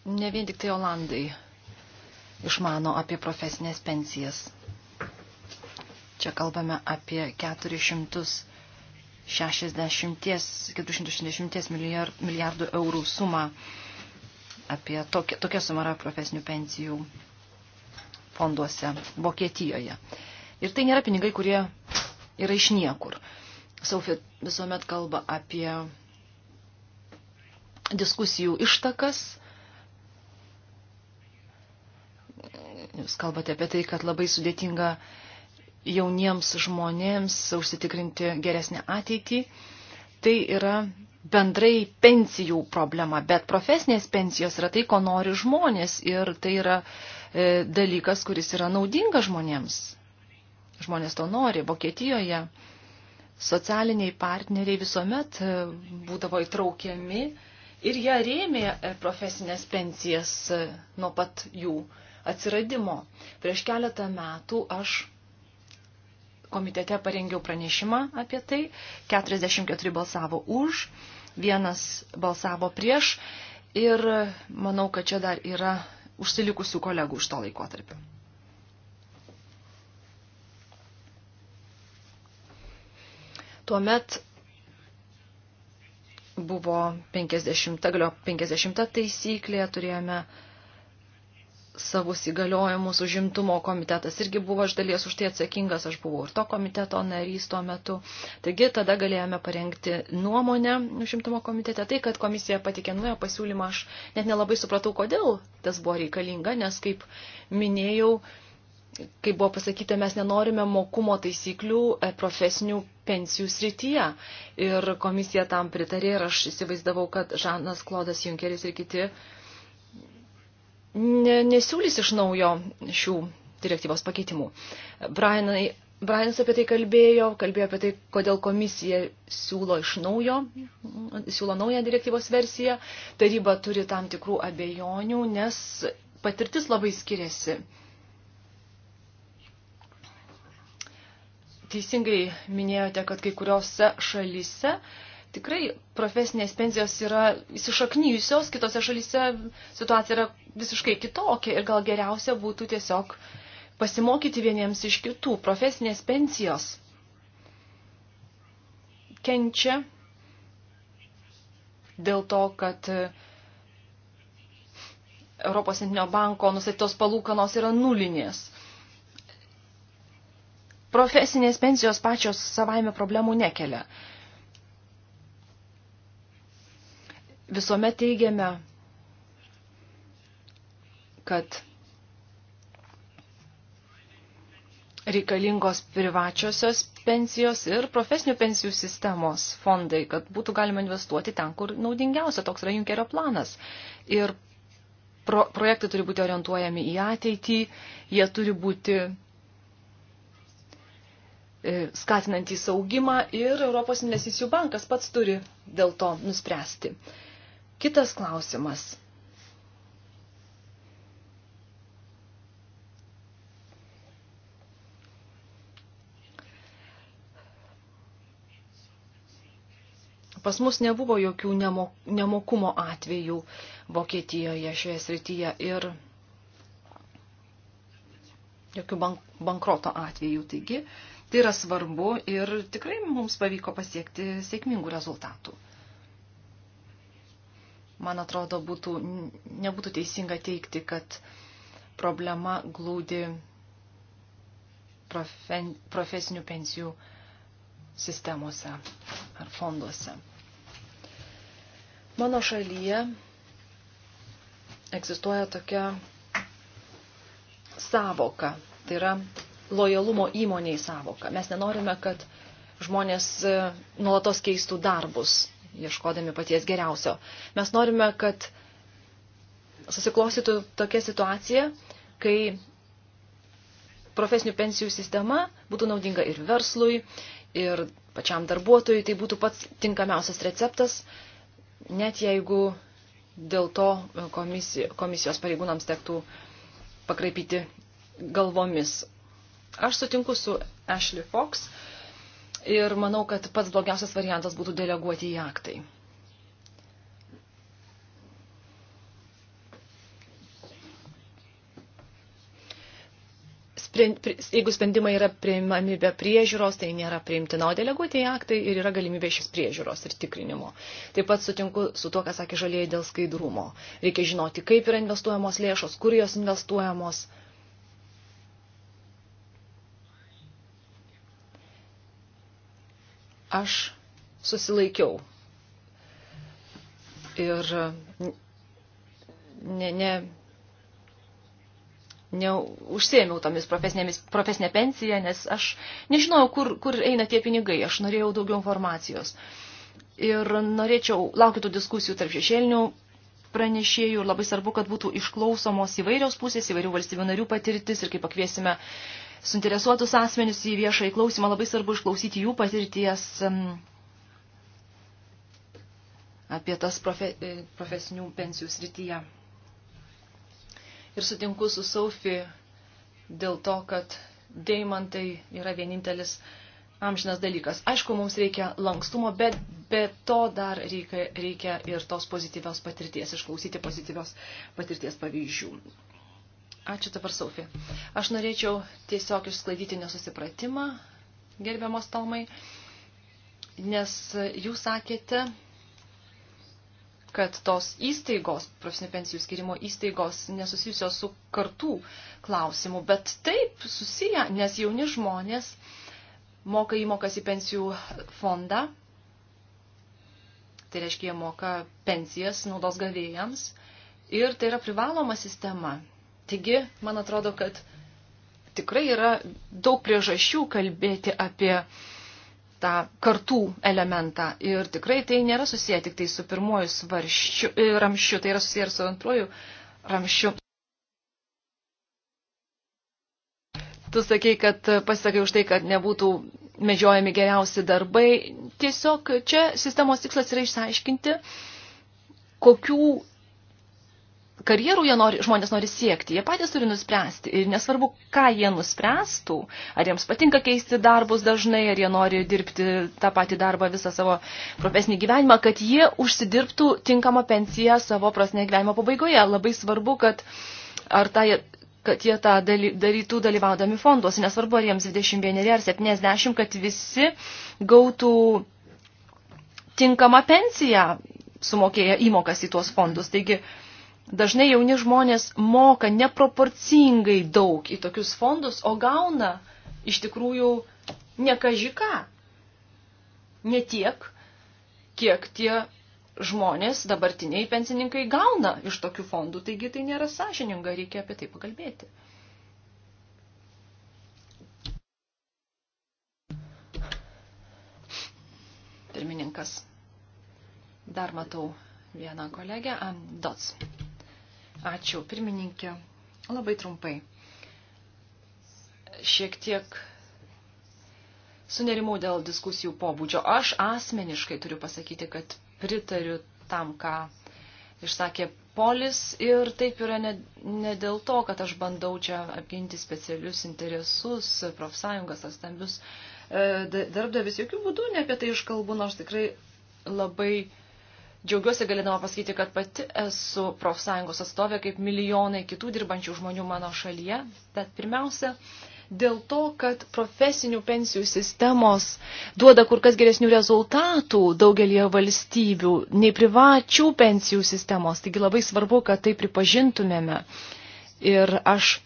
ne vien tik tai Olandai išmano apie profesinės pensijas. Čia kalbame apie 460 milijardų eurų sumą. Apie tokia, tokia suma yra profesinių pensijų fonduose Vokietijoje. Ir tai nėra pinigai, kurie yra iš niekur. Sofija visuomet kalba apie diskusijų ištakas Jūs kalbate apie tai, kad labai sudėtinga jauniems žmonėms užsitikrinti geresnę ateitį. Tai yra bendrai pensijų problema, bet profesinės pensijos yra tai, ko nori žmonės ir tai yra e, dalykas, kuris yra naudingas žmonėms. Žmonės to nori. Vokietijoje socialiniai partneriai visuomet e, būdavo įtraukiami ir jie rėmė e, profesinės pensijas e, nuo pat jų atsiradimo. Prieš keletą metų aš komitete parengiau pranešimą apie tai, 44 balsavo už, vienas balsavo prieš ir manau, kad čia dar yra užsilikusių kolegų iš to laikotarpio. Tuomet buvo 50, galio 50 taisyklė, turėjome savus įgaliojimus užimtumo komitetas irgi buvo iš dalies už tai atsakingas, aš buvau ir to komiteto narys tuo metu. Taigi tada galėjome parengti nuomonę užimtumo komitete. Tai, kad komisija patikė nuojo pasiūlymą, aš net nelabai supratau, kodėl tas buvo reikalinga, nes kaip minėjau, kaip buvo pasakyta, mes nenorime mokumo taisyklių e, profesinių pensijų srityje. Ir komisija tam pritarė ir aš įsivaizdavau, kad Žanas Klodas Junkeris ir kiti nesiūlys iš naujo šių direktyvos pakeitimų. Brianai, Brianas apie tai kalbėjo, kalbėjo apie tai, kodėl komisija siūlo iš naujo, siūlo naują direktyvos versiją. Taryba turi tam tikrų abejonių, nes patirtis labai skiriasi. Teisingai minėjote, kad kai kuriuose šalyse uh, tikrai profesinės pensijos yra įsišaknyjusios, kitose šalyse situacija yra visiškai kitokia ir gal geriausia būtų tiesiog pasimokyti vieniems iš kitų. Profesinės pensijos kenčia dėl to, kad Europos Centrinio banko nusatytos palūkanos yra nulinės. Profesinės pensijos pačios savaime problemų nekelia. Visuomet teigiame, kad reikalingos privačiosios pensijos ir profesinių pensijų sistemos fondai, kad būtų galima investuoti ten, kur naudingiausia. Toks yra Junkerio planas. Ir pro, projektai turi būti orientuojami į ateitį, jie turi būti e, skatinantys augimą ir Europos investicijų bankas pats turi dėl to nuspręsti. Kitas klausimas. Pas mus nebuvo jokių nemokumo atvejų Vokietijoje šioje srityje ir jokių bankroto atvejų. Taigi, tai yra svarbu ir tikrai mums pavyko pasiekti sėkmingų rezultatų man atrodo, būtų, nebūtų teisinga teikti, kad problema glūdi profen, profesinių pensijų sistemose ar fonduose. Mano šalyje egzistuoja tokia savoka, tai yra lojalumo įmoniai savoka. Mes nenorime, kad žmonės e, nuolatos keistų darbus ieškodami paties geriausio. Mes norime, kad susiklostytų tokia situacija, kai profesinių pensijų sistema būtų naudinga ir verslui, ir pačiam darbuotojui, tai būtų pats tinkamiausias receptas, net jeigu dėl to komisijos pareigūnams tektų pakraipyti galvomis. Aš sutinku su Ashley Fox, ir manau, kad pats blogiausias variantas būtų deleguoti į aktai. jeigu sprendimai yra priimami be priežiūros, tai nėra priimtina, o deleguotieji aktai ir yra galimybė šis priežiūros ir tikrinimo. Taip pat sutinku su tuo, ką sakė žalieji dėl skaidrumo. Reikia žinoti, kaip yra investuojamos lėšos, kur jos investuojamos. aš susilaikiau. Ir ne, ne, neužsėmiau tomis profesinė pensija, nes aš nežinojau, kur, kur eina tie pinigai, aš norėjau daugiau informacijos. Ir norėčiau, laukiu tų diskusijų tarp šešėlinių pranešėjų ir labai svarbu, kad būtų išklausomos įvairios pusės, įvairių valstybių narių patirtis ir kaip pakviesime suinteresuotus asmenius į viešą įklausimą, labai svarbu išklausyti jų patirties apie tas profe, e, profesinių pensijų srityje. Ir sutinku su Saufi dėl to, kad deimantai yra vienintelis amžinas dalykas. Aišku, mums reikia lankstumo, bet be to dar reikia, reikia ir tos pozityvios patirties, išklausyti pozityvios patirties pavyzdžių. Ačiū dabar, Sofija. Aš norėčiau tiesiog išsklaidyti nesusipratimą, gerbiamos Talmai, nes jūs sakėte, kad tos įstaigos, profesinių pensijų skirimo įstaigos nesusijusios su kartų klausimu, bet taip susiję, nes jauni žmonės moka įmokas į pensijų fondą, tai reiškia, jie moka pensijas naudos gavėjams ir tai yra privaloma sistema, Taigi, man atrodo, kad tikrai yra daug priežasčių kalbėti apie tą kartų elementą. Ir tikrai tai nėra susiję tik tai su pirmoju svarščiu, e, ramščiu, tai yra susiję ir su antruoju ramščiu. Tu sakei, kad pasisakai už tai, kad nebūtų medžiojami geriausi darbai. Tiesiog čia sistemos tikslas yra išsiaiškinti, kokių karjerų jie nori, žmonės nori siekti, jie patys turi nuspręsti. Ir nesvarbu, ką jie nuspręstų, ar jiems patinka keisti darbus dažnai, ar jie nori dirbti tą patį darbą visą savo profesinį gyvenimą, kad jie užsidirbtų tinkamą pensiją savo profesinio gyvenimo pabaigoje. Labai svarbu, kad ar tą tai, kad jie tą daly, darytų dalyvaudami fonduose, nesvarbu ar jiems 21 ar 70, kad visi gautų tinkamą pensiją sumokėję įmokas į tuos fondus. Taigi, uh, Dažnai jauni žmonės moka neproporcingai daug į tokius fondus, o gauna iš tikrųjų nekažika. Ne tiek, kiek tie žmonės, dabartiniai pensininkai gauna iš tokių fondų, taigi tai nėra sąžininga, reikia apie tai pakalbėti. Pirmininkas. Dar matau vieną kolegę, Dots. Ačiū, pirmininkė. Labai trumpai. Šiek tiek sunerimau dėl diskusijų pobūdžio. Aš asmeniškai turiu pasakyti, kad pritariu tam, ką išsakė polis ir taip yra ne, ne dėl to, kad aš bandau čia apginti specialius interesus, profsąjungas ar stambius e, darbdavis. Jokių būdų ne apie tai iškalbu, nors tikrai labai Džiaugiuosi galėdama pasakyti, kad pati esu profsąjungos atstovė, kaip milijonai kitų dirbančių žmonių mano šalyje. Bet pirmiausia, dėl to, kad profesinių pensijų sistemos duoda kur kas geresnių rezultatų daugelie valstybių nei privačių pensijų sistemos. Taigi labai svarbu, kad tai pripažintumėme. Ir aš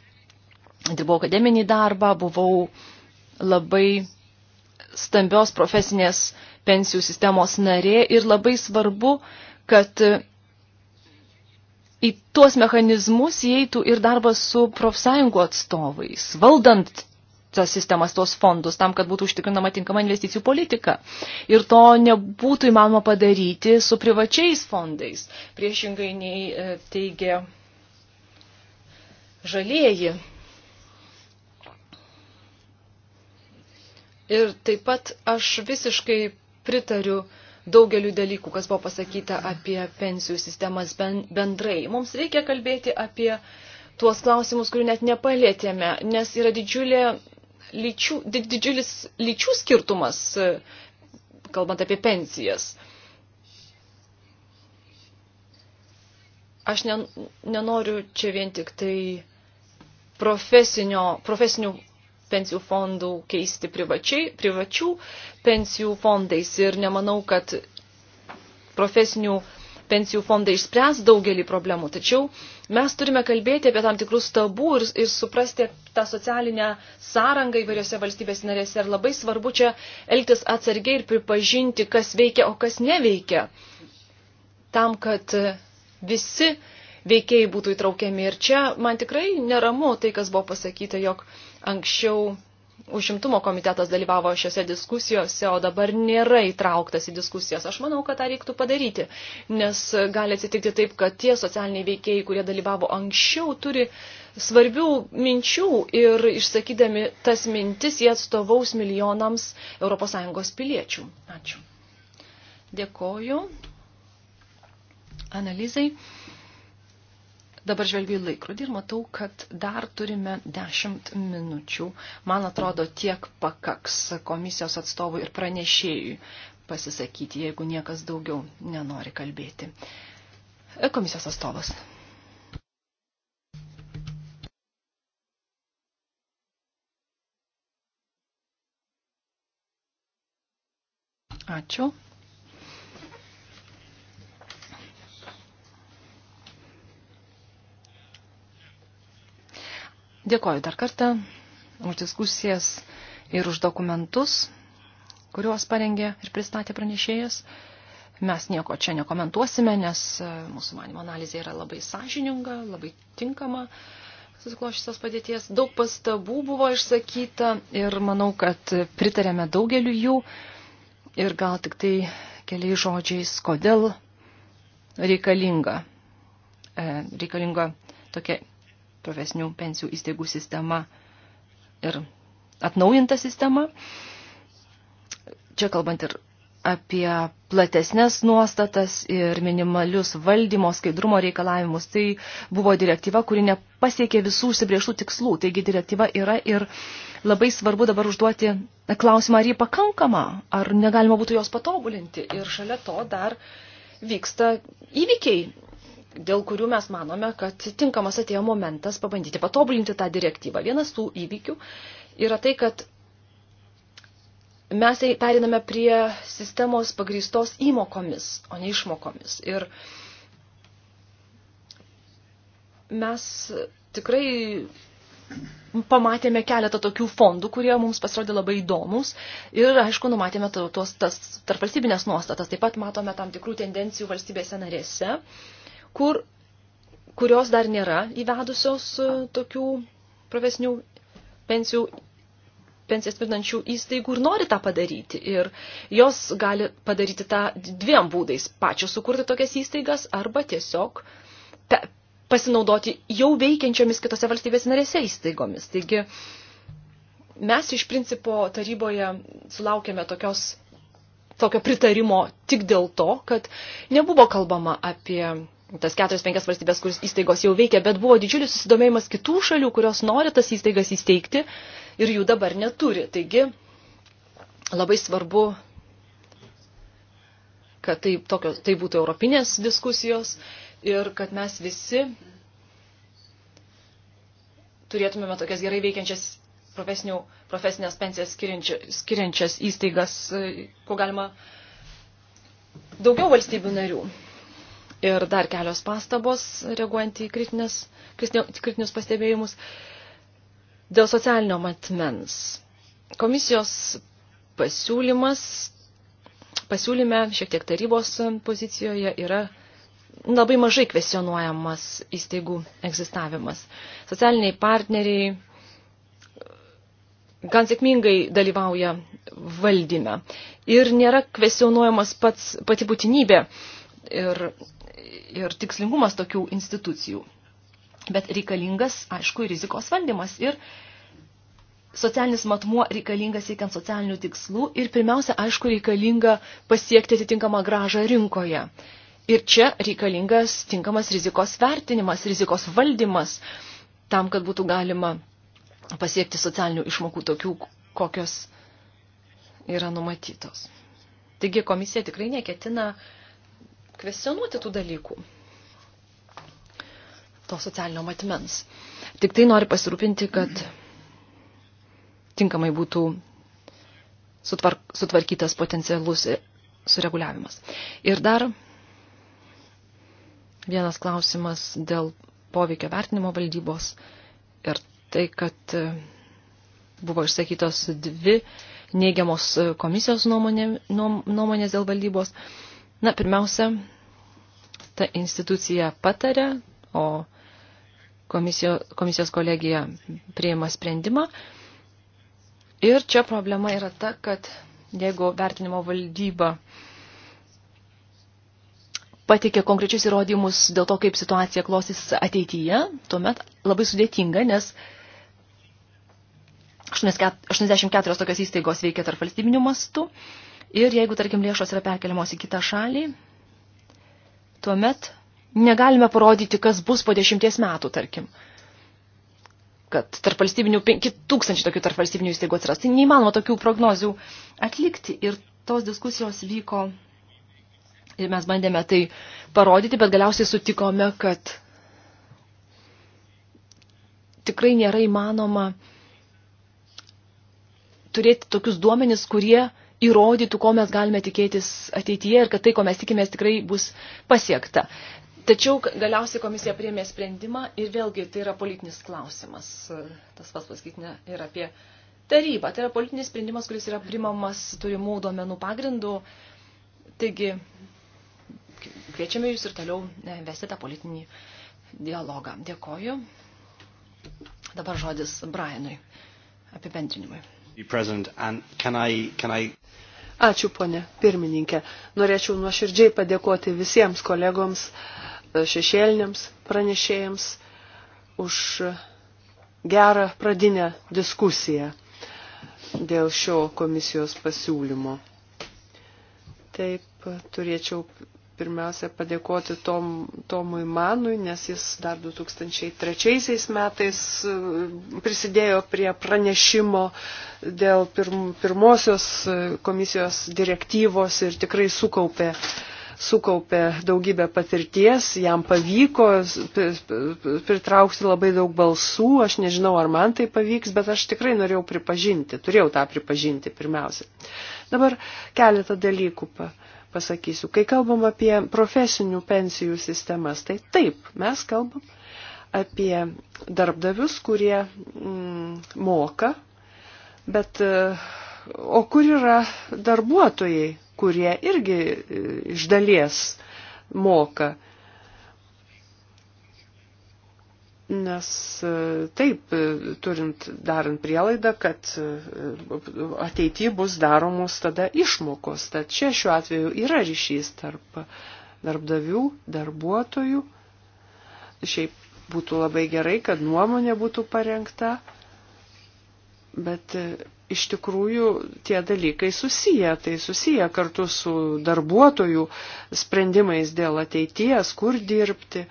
dirbau akademinį darbą, buvau labai stambios profesinės pensijų sistemos narė ir labai svarbu, kad į tuos mechanizmus įeitų ir darbas su profsąjungų atstovais, valdant tas sistemas, tuos fondus, tam, kad būtų užtikrinama tinkama investicijų politika. Ir to nebūtų įmanoma padaryti su privačiais fondais, priešingai nei e, teigia žalieji. Ir taip pat aš visiškai pritariu daugeliu dalykų, kas buvo pasakyta apie pensijų sistemas bendrai. Mums reikia kalbėti apie tuos klausimus, kurių net nepalėtėme, nes yra didžiulė lyčių, didžiulis lyčių skirtumas, kalbant apie pensijas. Aš nenoriu čia vien tik tai profesinio, profesinių pensijų fondų keisti privačiai, privačių pensijų fondais ir nemanau, kad profesinių pensijų fondai išspręs daugelį problemų. Tačiau mes turime kalbėti apie tam tikrus tabų ir, ir suprasti tą socialinę sąrangą įvairiose valstybės narėse. Ir labai svarbu čia elgtis atsargiai ir pripažinti, kas veikia, o kas neveikia. Tam, kad visi veikėjai būtų įtraukiami. Ir čia man tikrai neramu tai, kas buvo pasakyta, jog uh, Anksčiau užimtumo komitetas dalyvavo šiuose diskusijose, o dabar nėra įtrauktas į diskusijas. Aš manau, kad tą reiktų padaryti, nes gali atsitikti taip, kad tie socialiniai veikėjai, kurie dalyvavo anksčiau, turi svarbių minčių ir išsakydami tas mintis, jie atstovaus milijonams ES piliečių. Ačiū. Dėkoju. Analizai. Dabar žvelgiu į laikrodį ir matau, kad dar turime 10 minučių. Man atrodo, tiek pakaks komisijos atstovui ir pranešėjui pasisakyti, jeigu niekas daugiau nenori kalbėti. Komisijos atstovas. Ačiū. Dėkoju dar kartą už diskusijas ir už dokumentus, kuriuos parengė ir pristatė pranešėjas. Mes nieko čia nekomentuosime, nes e, mūsų manimo analizė yra labai sąžininga, labai tinkama susiklošysios padėties. Daug pastabų buvo išsakyta ir manau, kad pritarėme daugeliu jų ir gal tik tai keliais žodžiais, kodėl reikalinga, e, reikalinga tokia profesinių pensijų įstaigų sistema ir atnaujinta sistema. Čia kalbant ir apie platesnės nuostatas ir minimalius valdymo skaidrumo reikalavimus. Tai buvo direktyva, kuri nepasiekė visų užsibrieštų tikslų. Taigi direktyva yra ir labai svarbu dabar užduoti klausimą, ar jį pakankama, ar negalima būtų jos patobulinti. Ir šalia to dar vyksta įvykiai dėl kurių mes manome, kad tinkamas atėjo momentas pabandyti patobulinti tą direktyvą. Vienas tų įvykių yra tai, kad mes periname prie sistemos pagrįstos įmokomis, o ne išmokomis. Ir mes tikrai pamatėme keletą tokių fondų, kurie mums pasirodė labai įdomus ir, aišku, numatėme tuos tas tarpvalstybinės nuostatas. Taip pat matome tam tikrų tendencijų valstybėse narėse, kur, kurios dar nėra įvedusios e, tokių profesinių pensijų pensijas tvirtinančių įstaigų ir nori tą padaryti. Ir jos gali padaryti tą dviem būdais - pačios sukurti tokias įstaigas arba tiesiog pe, pasinaudoti jau veikiančiomis kitose valstybės narėse įstaigomis. Taigi mes iš principo taryboje sulaukėme tokios, tokio pritarimo tik dėl to, kad nebuvo kalbama apie tas keturias penkias valstybės, kur įstaigos jau veikia, bet buvo didžiulis susidomėjimas kitų šalių, kurios nori tas įstaigas įsteigti ir jų dabar neturi. Taigi labai svarbu, kad tai, tokios, tai būtų europinės diskusijos ir kad mes visi turėtumėme tokias gerai veikiančias profesinės pensijas skiriančias, skiriančias įstaigas, e, ko galima daugiau valstybių narių. Ir dar kelios pastabos, reaguojant į kritinės, kritinius pastebėjimus. Dėl socialinio matmens. Komisijos pasiūlymas, pasiūlyme, šiek tiek tarybos pozicijoje yra labai mažai kvesionuojamas įstaigų egzistavimas. Socialiniai partneriai gan sėkmingai dalyvauja valdyme ir nėra kvesionuojamas pats, pati būtinybė ir ir tikslingumas tokių institucijų. Bet reikalingas, aišku, rizikos valdymas ir socialinis matmuo reikalingas siekiant socialinių tikslų ir pirmiausia, aišku, reikalinga pasiekti atitinkamą gražą rinkoje. Ir čia reikalingas tinkamas rizikos vertinimas, rizikos valdymas, tam, kad būtų galima pasiekti socialinių išmokų tokių, kokios yra numatytos. Taigi komisija tikrai neketina uh, kvestionuoti tų dalykų, to socialinio matmens. Tik tai noriu pasirūpinti, kad tinkamai būtų sutvark, sutvarkytas potencialus e, sureguliavimas. Ir dar vienas klausimas dėl poveikio vertinimo valdybos ir tai, kad e, buvo išsakytos dvi neigiamos e, komisijos nuomonė, nuomonės dėl valdybos. Na, pirmiausia, ta institucija patarė, o komisijo, komisijos kolegija priima sprendimą. Ir čia problema yra ta, kad jeigu vertinimo valdyba patikė konkrečius įrodymus dėl to, kaip situacija klostys ateityje, tuomet labai sudėtinga, nes 84 tokios įstaigos veikia tarp valstybinių mastų Ir jeigu, tarkim, lėšos yra perkeliamos į kitą šalį, tuomet negalime parodyti, kas bus po dešimties metų, tarkim kad tarp valstybinių, penki tūkstančių tokių tarp valstybinių įstaigų atsiras. Tai neįmanoma tokių prognozių atlikti ir tos diskusijos vyko ir mes bandėme tai parodyti, bet galiausiai sutikome, kad tikrai nėra įmanoma turėti tokius duomenis, kurie įrodytų, ko mes galime tikėtis ateityje ir kad tai, ko mes tikimės, tikrai bus pasiekta. Tačiau galiausiai komisija priemė sprendimą ir vėlgi tai yra politinis klausimas. Tas pats pasakytinė ir apie tarybą. Tai yra politinis sprendimas, kuris yra primamas turimų duomenų pagrindų. Taigi kviečiame jūs ir toliau e, vesti tą politinį dialogą. Dėkoju. Dabar žodis Brianui apibendrinimui. Ačiū, ponė pirmininkė. Norėčiau nuoširdžiai padėkoti visiems kolegoms, šešėliniams pranešėjams už gerą pradinę diskusiją dėl šio komisijos pasiūlymo. Taip, turėčiau pirmiausia padėkoti Tom, Tomui Manui, nes jis dar 2003 metais e, prisidėjo prie pranešimo dėl pirm, pirmosios e, komisijos direktyvos ir tikrai sukaupė sukaupė daugybę patirties, jam pavyko pritraukti labai daug balsų, aš nežinau, ar man tai pavyks, bet aš tikrai norėjau pripažinti, turėjau tą pripažinti pirmiausia. Dabar keletą dalykų pasakysiu. Kai kalbam apie profesinių pensijų sistemas, tai taip, mes kalbam apie darbdavius, kurie mm, moka, bet e, o kur yra darbuotojai, kurie irgi e, iš dalies moka. Nes e, taip, e, turint darant prielaidą, kad e, ateityje bus daromos tada išmokos. Tad čia šiuo atveju yra ryšys tarp darbdavių, darbuotojų. Šiaip būtų labai gerai, kad nuomonė būtų parengta, bet iš tikrųjų tie dalykai susiję, tai susiję kartu su darbuotojų sprendimais dėl ateities, kur dirbti.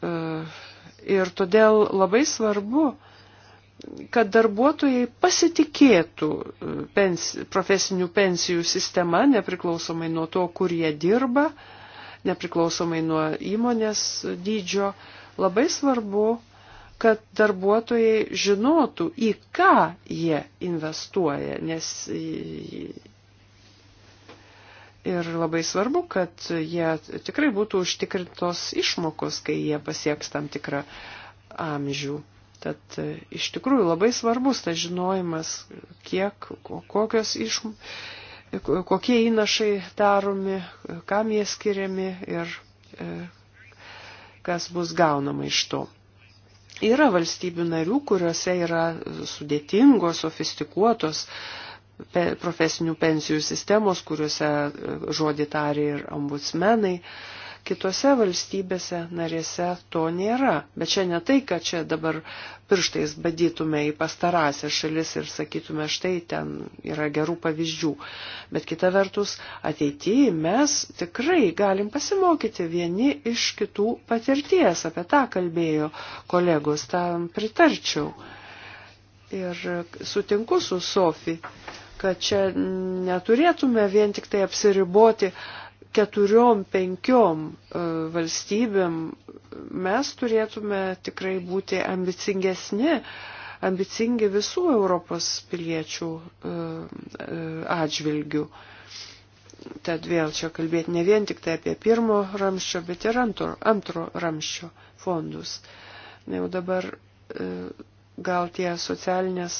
Uh, Ir todėl labai svarbu, kad darbuotojai pasitikėtų e, pens, profesinių pensijų sistema, nepriklausomai nuo to, kur jie dirba, nepriklausomai nuo įmonės dydžio. Labai svarbu, kad darbuotojai žinotų, į ką jie investuoja, nes Ir labai svarbu, kad jie tikrai būtų užtikrintos išmokos, kai jie pasieks tam tikrą amžių. Tad e, iš tikrųjų labai svarbus tas žinojimas, kiek, kokios išmokos, kokie įnašai daromi, kam jie skiriami ir e, kas bus gaunama iš to. Yra valstybių narių, kuriuose yra sudėtingos, sofistikuotos uh, profesinių pensijų sistemos, kuriuose e, žodį tarė ir ombudsmenai. Kitose valstybėse narėse to nėra. Bet čia ne tai, kad čia dabar pirštais badytume į pastarąsią šalis ir sakytume, štai ten yra gerų pavyzdžių. Bet kita vertus, ateityje mes tikrai galim pasimokyti vieni iš kitų patirties. Apie tą kalbėjo kolegos, tam pritarčiau. Ir sutinku su Sofi kad čia neturėtume vien tik tai apsiriboti keturiom, penkiom e, valstybėm. Mes turėtume tikrai būti ambicingesni, ambicingi visų Europos piliečių e, e, atžvilgių. Tad vėl čia kalbėti ne vien tik tai apie pirmo ramščio, bet ir antro, antro ramščio fondus. Na jau dabar gal tie socialinės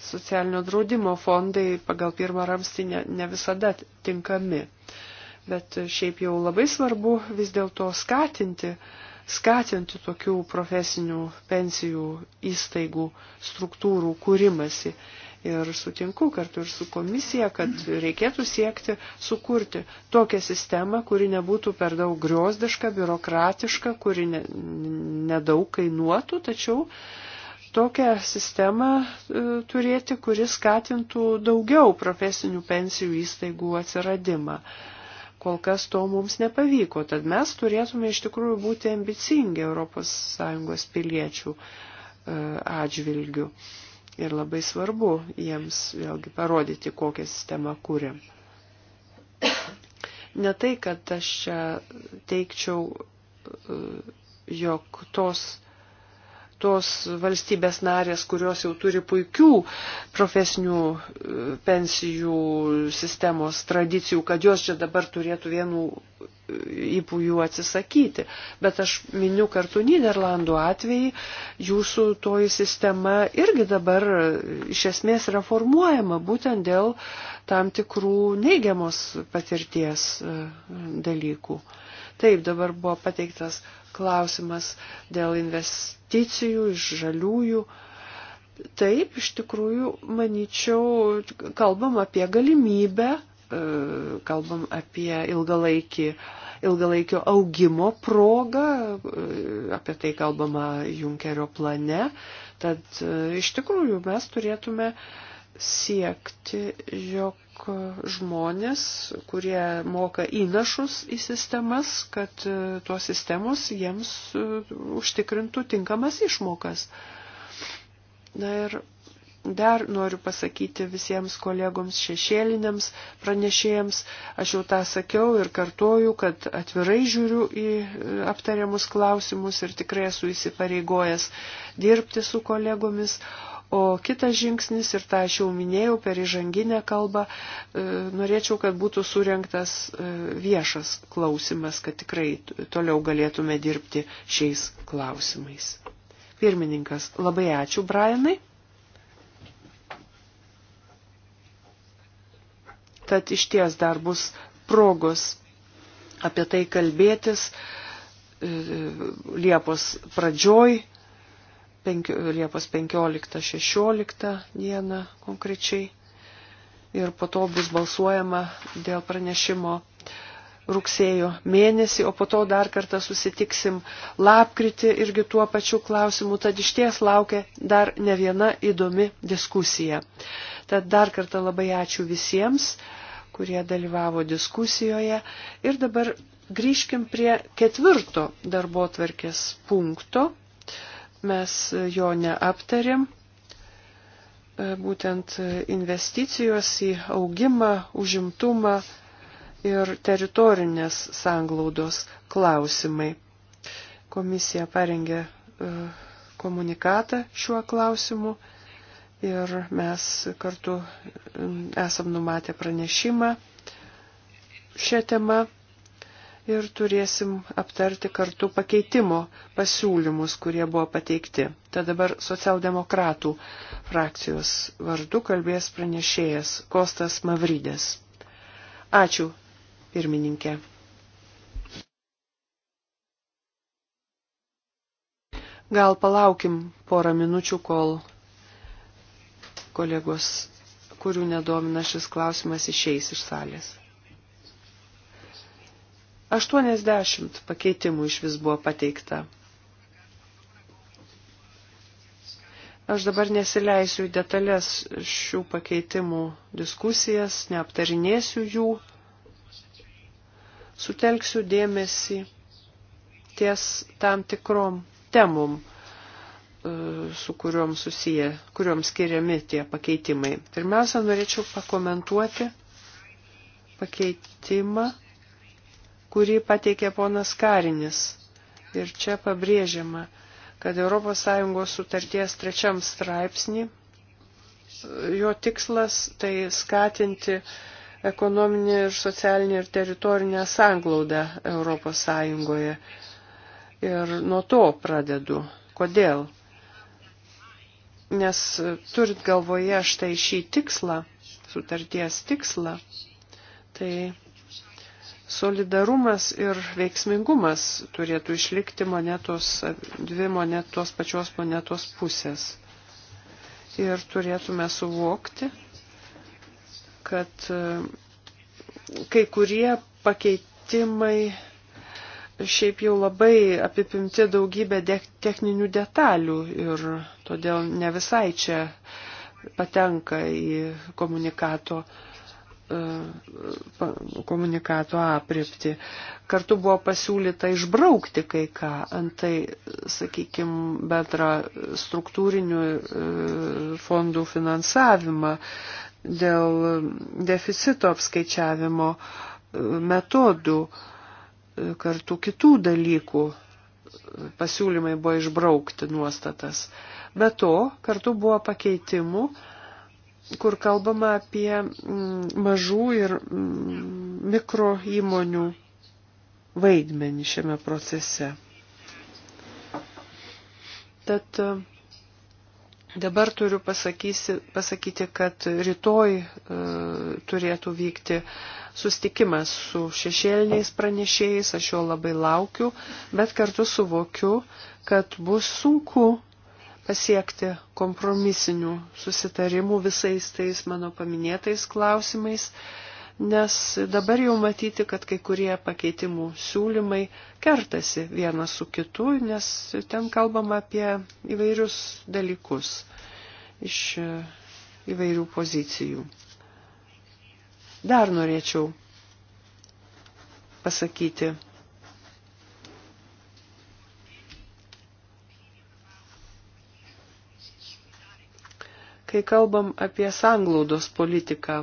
socialinio draudimo fondai pagal pirmą ramstį ne, ne visada tinkami. Bet šiaip jau labai svarbu vis dėlto skatinti, skatinti tokių profesinių pensijų įstaigų struktūrų kūrimasi. Ir sutinku kartu ir su komisija, kad reikėtų siekti sukurti tokią sistemą, kuri nebūtų per daug griozdiška, biurokratiška, kuri nedaug ne, ne kainuotų, tačiau uh, tokią sistemą e, turėti, kuris skatintų daugiau profesinių pensijų įstaigų atsiradimą. Kol kas to mums nepavyko, tad mes turėtume iš tikrųjų būti ambicingi ES piliečių e, atžvilgių. Ir labai svarbu jiems vėlgi parodyti, kokią sistemą kūrėm. Ne tai, kad aš čia teikčiau, e, jog tos tos valstybės narės, kurios jau turi puikių profesinių e, pensijų sistemos tradicijų, kad jos čia dabar turėtų vienų e, įpūjų atsisakyti. Bet aš miniu kartu Niderlandų atvejį, jūsų toji sistema irgi dabar e, iš esmės reformuojama būtent dėl tam tikrų neigiamos patirties dalykų. Taip, dabar buvo pateiktas klausimas dėl investicijų iš žaliųjų. Taip, iš tikrųjų, manyčiau, kalbam apie galimybę, e, kalbam apie ilgalaikį, ilgalaikio augimo progą, e, apie tai kalbama Junkerio plane. Tad e, iš tikrųjų mes turėtume uh, siekti, jog žmonės, kurie moka įnašus į sistemas, kad e, tuos sistemos jiems e, užtikrintų tinkamas išmokas. Na ir dar noriu pasakyti visiems kolegoms šešėliniams pranešėjams, aš jau tą sakiau ir kartoju, kad atvirai žiūriu į e, aptariamus klausimus ir tikrai esu įsipareigojęs dirbti su kolegomis, O kitas žingsnis, ir tą aš jau minėjau per įžanginę kalbą, e, norėčiau, kad būtų surinktas e, viešas klausimas, kad tikrai toliau galėtume dirbti šiais klausimais. Pirmininkas, labai ačiū, Brianai. Tad iš ties dar bus progos apie tai kalbėtis e, Liepos pradžioj penki, Liepos 15-16 dieną konkrečiai. Ir po to bus balsuojama dėl pranešimo rugsėjo mėnesį, o po to dar kartą susitiksim lapkritį irgi tuo pačiu klausimu, tad iš ties laukia dar ne viena įdomi diskusija. Tad dar kartą labai ačiū visiems, kurie dalyvavo diskusijoje. Ir dabar grįžkim prie ketvirto darbo tvarkės punkto mes jo neaptarėm. E, būtent investicijos į augimą, užimtumą ir teritorinės sanglaudos klausimai. Komisija parengė e, komunikatą šiuo klausimu ir mes kartu e, esam numatę pranešimą šią temą ir turėsim aptarti kartu pakeitimo pasiūlymus, kurie buvo pateikti. Tad dabar socialdemokratų frakcijos vardu kalbės pranešėjas Kostas Mavrydės. Ačiū, pirmininkė. Gal palaukim porą minučių, kol kolegos, kurių nedomina šis klausimas, išeis iš salės. 80 pakeitimų iš vis buvo pateikta. Aš dabar nesileisiu į detalės šių pakeitimų diskusijas, neaptarinėsiu jų, sutelksiu dėmesį ties tam tikrom temom, e, su kuriuom susiję, kuriuom skiriami tie pakeitimai. Pirmiausia, norėčiau pakomentuoti pakeitimą kurį pateikė ponas Karinis. Ir čia pabrėžiama, kad ES sutarties trečiam straipsnį jo tikslas tai skatinti ekonominį ir socialinį ir teritorinę sanglaudą ES. Ir nuo to pradedu. Kodėl? Nes turint galvoje štai šį tikslą, sutarties tikslą, tai solidarumas ir veiksmingumas turėtų išlikti monetos, dvi monetos pačios monetos pusės. Ir turėtume suvokti, kad e, kai kurie pakeitimai šiaip jau labai apipimti daugybę techninių detalių ir todėl ne visai čia patenka į komunikato uh, E, komunikato apripti. Kartu buvo pasiūlyta išbraukti kai ką, antai, sakykime, bendrą struktūrinių e, fondų finansavimą dėl deficito apskaičiavimo e, metodų, kartu kitų dalykų pasiūlymai buvo išbraukti nuostatas. Be to, kartu buvo pakeitimų, kur kalbama apie mm, mažų ir mm, mikro įmonių vaidmenį šiame procese. Tad e, dabar turiu pasakysi, pasakyti, kad rytoj e, turėtų vykti sustikimas su šešėliniais pranešėjais, aš jo labai laukiu, bet kartu suvokiu, kad bus sunku pasiekti kompromisinių susitarimų visais tais mano paminėtais klausimais, nes dabar jau matyti, kad kai kurie pakeitimų siūlymai kertasi vienas su kitu, nes ten kalbama apie įvairius dalykus iš įvairių pozicijų. Dar norėčiau pasakyti Kai kalbam apie sanglaudos politiką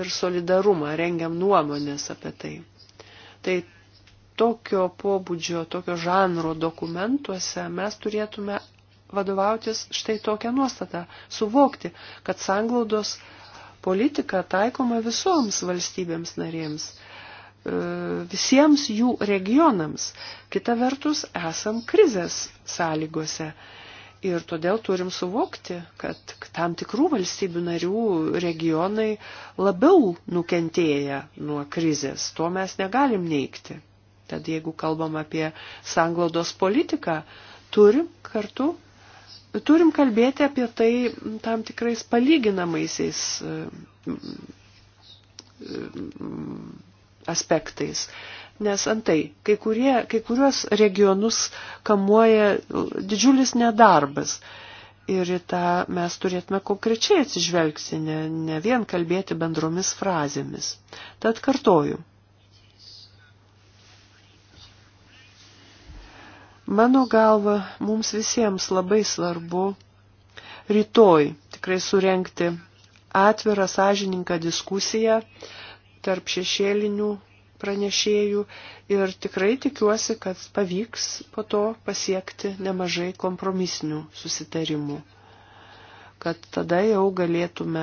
ir solidarumą, rengiam nuomonės apie tai, tai tokio pobūdžio, tokio žanro dokumentuose mes turėtume vadovautis štai tokią nuostatą - suvokti, kad sanglaudos politika taikoma visoms valstybėms narėms, e, visiems jų regionams. Kita vertus, esam krizės sąlygose Ir todėl turim suvokti, kad tam tikrų valstybių narių regionai labiau nukentėja nuo krizės. To mes negalim neikti. Tad jeigu kalbam apie sanglaudos politiką, turim kartu, turim kalbėti apie tai tam tikrais palyginamaisiais e, aspektais nes antai kai, kurie, kai kuriuos regionus kamuoja didžiulis nedarbas. Ir į tą mes turėtume konkrečiai atsižvelgti, ne, ne vien kalbėti bendromis frazėmis. Tad kartoju. Mano galva, mums visiems labai svarbu rytoj tikrai surenkti atvirą sąžininką diskusiją tarp šešėlinių pranešėjų ir tikrai tikiuosi, kad pavyks po to pasiekti nemažai kompromisinių susitarimų kad tada jau galėtume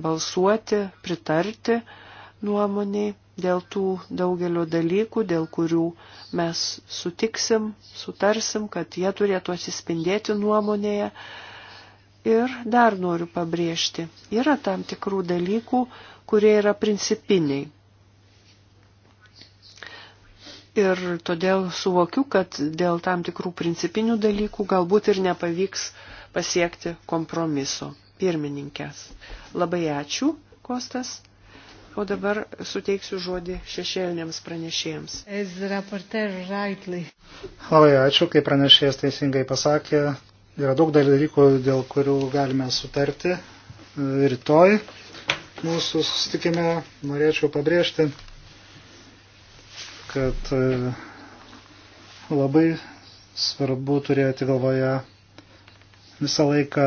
balsuoti, pritarti nuomoniai dėl tų daugelio dalykų, dėl kurių mes sutiksim, sutarsim, kad jie turėtų atsispindėti nuomonėje. Ir dar noriu pabrėžti, yra tam tikrų dalykų, kurie yra principiniai. Ir todėl suvokiu, kad dėl tam tikrų principinių dalykų galbūt ir nepavyks pasiekti kompromiso. Pirmininkės. Labai ačiū, Kostas. O dabar suteiksiu žodį šešėliniams pranešėjams. Labai ačiū, kaip pranešėjas teisingai pasakė. Yra daug dalykų, dėl kurių galime sutarti rytoj. Mūsų susitikime norėčiau pabrėžti kad e, labai svarbu turėti galvoje visą laiką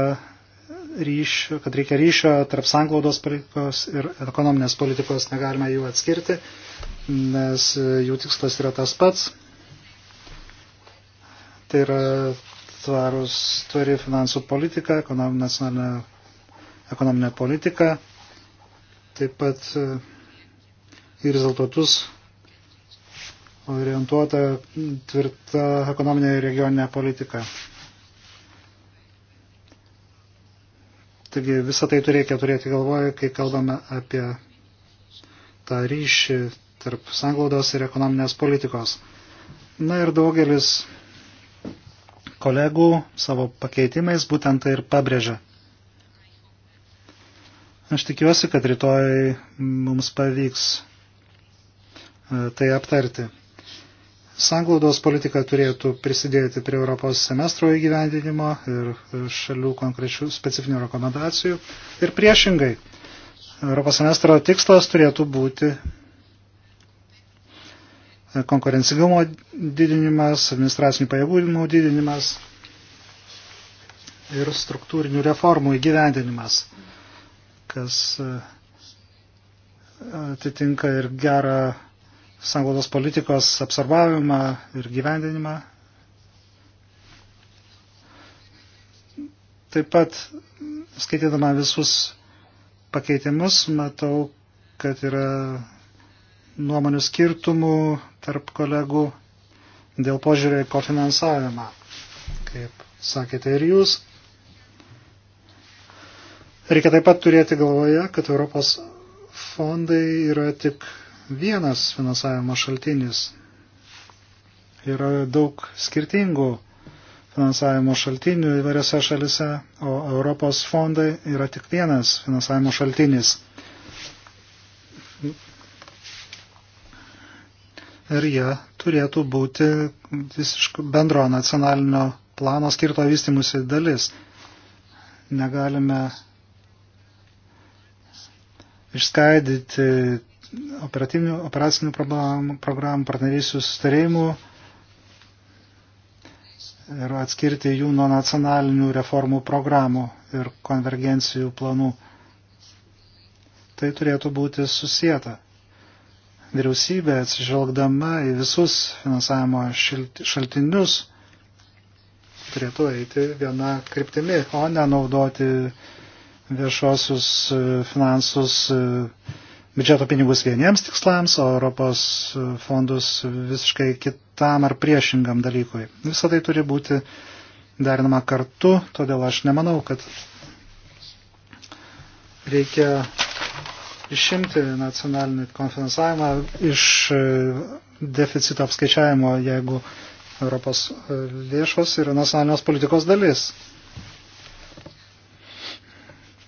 ryšio, kad reikia ryšio tarp sanglaudos politikos ir ekonominės politikos, negalime jų atskirti, nes jų tikslas yra tas pats. Tai yra tvarus, tvari finansų politika, nacionalinė ekonominė politika, taip pat e, į rezultatus orientuota tvirta ekonominė ir regioninė politika. Taigi visą tai turėkia turėti galvoje, kai kalbame apie tą ryšį tarp sanglaudos ir ekonominės politikos. Na ir daugelis kolegų savo pakeitimais būtent tai ir pabrėžia. Aš tikiuosi, kad rytoj mums pavyks e, tai aptarti. Sanglaudos politika turėtų prisidėti prie Europos semestro įgyvendinimo ir šalių konkrečių specifinių rekomendacijų. Ir priešingai, Europos semestro tikslas turėtų būti konkurencingumo didinimas, administracinių pajėgumų didinimas ir struktūrinių reformų įgyvendinimas, kas e, atitinka ir gerą sanglaudos politikos absorbavimą ir gyvendinimą. Taip pat, skaitydama visus pakeitimus, matau, kad yra nuomonių skirtumų tarp kolegų dėl požiūrį į kofinansavimą. Kaip sakėte ir jūs, reikia taip pat turėti galvoje, kad Europos fondai yra tik vienas finansavimo šaltinis. Yra daug skirtingų finansavimo šaltinių įvairiose šalise, o Europos fondai yra tik vienas finansavimo šaltinis. Ir jie turėtų būti visiškai bendro nacionalinio plano skirto vystimusi dalis. Negalime išskaidyti operacinių programų, programų partnerysčių sustarimų ir atskirti jų nuo nacionalinių reformų programų ir konvergencijų planų. Tai turėtų būti susijęta. Vyriausybė atsižvelgdama į visus finansavimo šaltinius turėtų eiti viena kryptimi, o ne naudoti viešosius finansus biudžeto pinigus vieniems tikslams, o Europos fondus visiškai kitam ar priešingam dalykui. Visą tai turi būti derinama kartu, todėl aš nemanau, kad reikia išimti nacionalinį konfinansavimą iš deficito apskaičiavimo, jeigu Europos lėšos yra nacionalinės politikos dalis.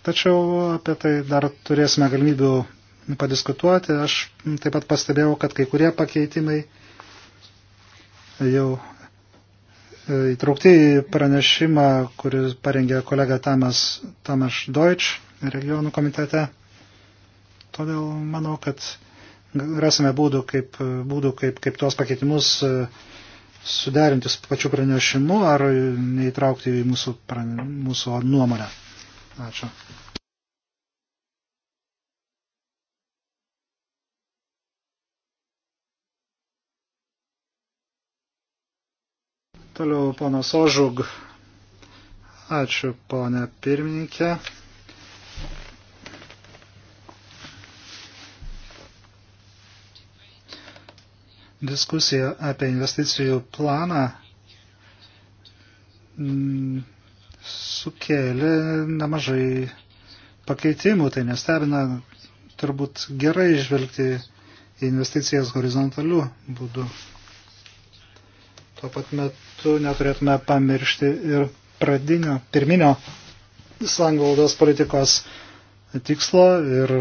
Tačiau apie tai dar turėsime galimybių padiskutuoti. Aš taip pat pastebėjau, kad kai kurie pakeitimai jau e, įtraukti į pranešimą, kurį parengė kolega Tamas, Tamas Deutsch regionų komitete. Todėl manau, kad rasime būdų, kaip, būdų, kaip, kaip tuos pakeitimus e, suderinti su pačiu pranešimu ar neįtraukti į mūsų, prane, mūsų nuomonę. Ačiū. Toliau ponas Ožug. Ačiū, ponė pirmininkė. Diskusija apie investicijų planą mm, sukėlė nemažai pakeitimų, tai nestebina turbūt gerai žvelgti investicijas horizontaliu būdu. Tuo pat metu neturėtume pamiršti ir pradinio, pirminio sanglaudos politikos tikslo ir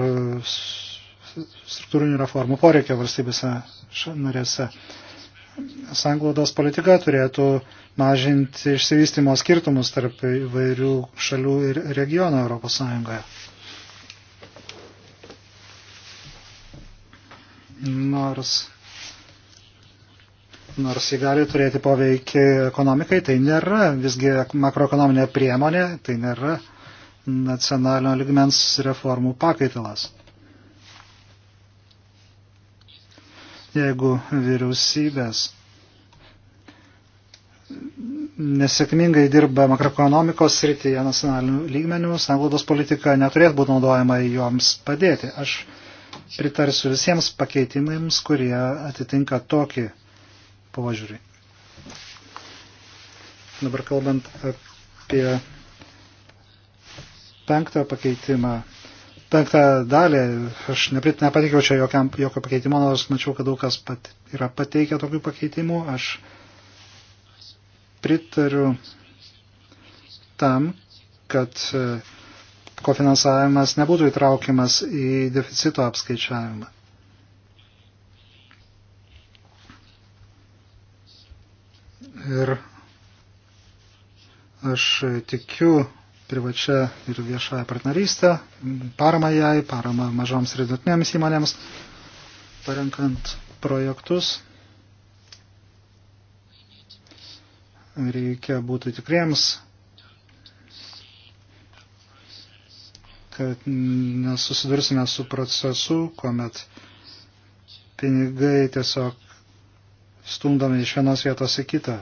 struktūrinių reformų poreikio valstybėse narėse. Sanglaudos politika turėtų mažinti išsivystimo skirtumus tarp įvairių šalių ir regionų Europos Sąjungoje. Nors nors jį gali turėti poveikį ekonomikai, tai nėra visgi makroekonominė priemonė, tai nėra nacionalinio ligmens reformų pakaitalas. Jeigu vyriausybės nesėkmingai dirba makroekonomikos srityje nacionalinių lygmenių, sanglaudos politika neturėtų būti naudojama joms padėti. Aš pritarsiu visiems pakeitimams, kurie atitinka tokį požiūrį. Dabar kalbant apie penktą pakeitimą, penktą dalį, aš neprit, nepatikiau čia jokiam, jokio pakeitimo, nors mačiau, kad daug kas pat, yra pateikę tokių pakeitimų. Aš pritariu tam, kad e, kofinansavimas nebūtų įtraukiamas į deficito apskaičiavimą. Aš tikiu privačia ir viešąją partnerystę, paramą jai, paramą mažoms ir vidutinėms įmonėms, parenkant projektus. Reikia būti tikriems, kad nesusidursime su procesu, kuomet pinigai tiesiog stumdami iš vienos vietos į kitą.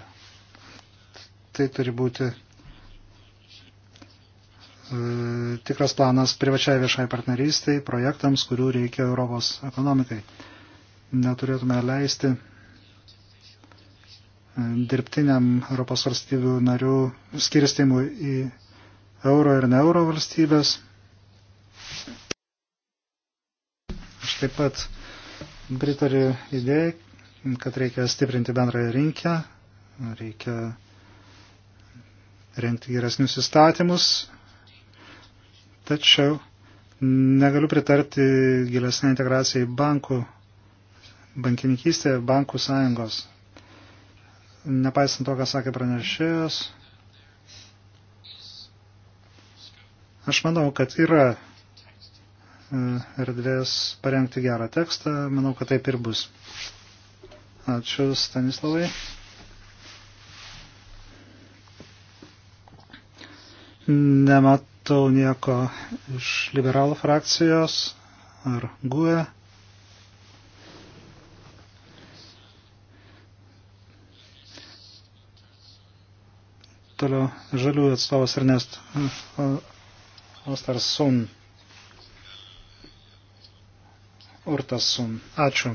Tai turi būti Mm, tikras planas privačiai viešai partnerystiai, projektams, kurių reikia Europos ekonomikai. Neturėtume leisti e, dirbtiniam Europos valstybių narių skirstimui į euro ir ne euro valstybės. Aš taip pat pritariu idėjai, kad reikia stiprinti bendrąją rinkę, reikia rengti geresnius įstatymus, Tačiau negaliu pritarti gilesnė integracija į bankų, bankininkystę, bankų sąjungos. Nepaisant to, ką sakė pranešėjas, aš manau, kad yra e, erdvės parengti gerą tekstą. Manau, kad taip ir bus. Ačiū Stanislavai. Nemat nematau nieko iš liberalų frakcijos ar GUE. Toliau žaliųjų atstovas Ernest Ostarsun. Urtasun. Ačiū.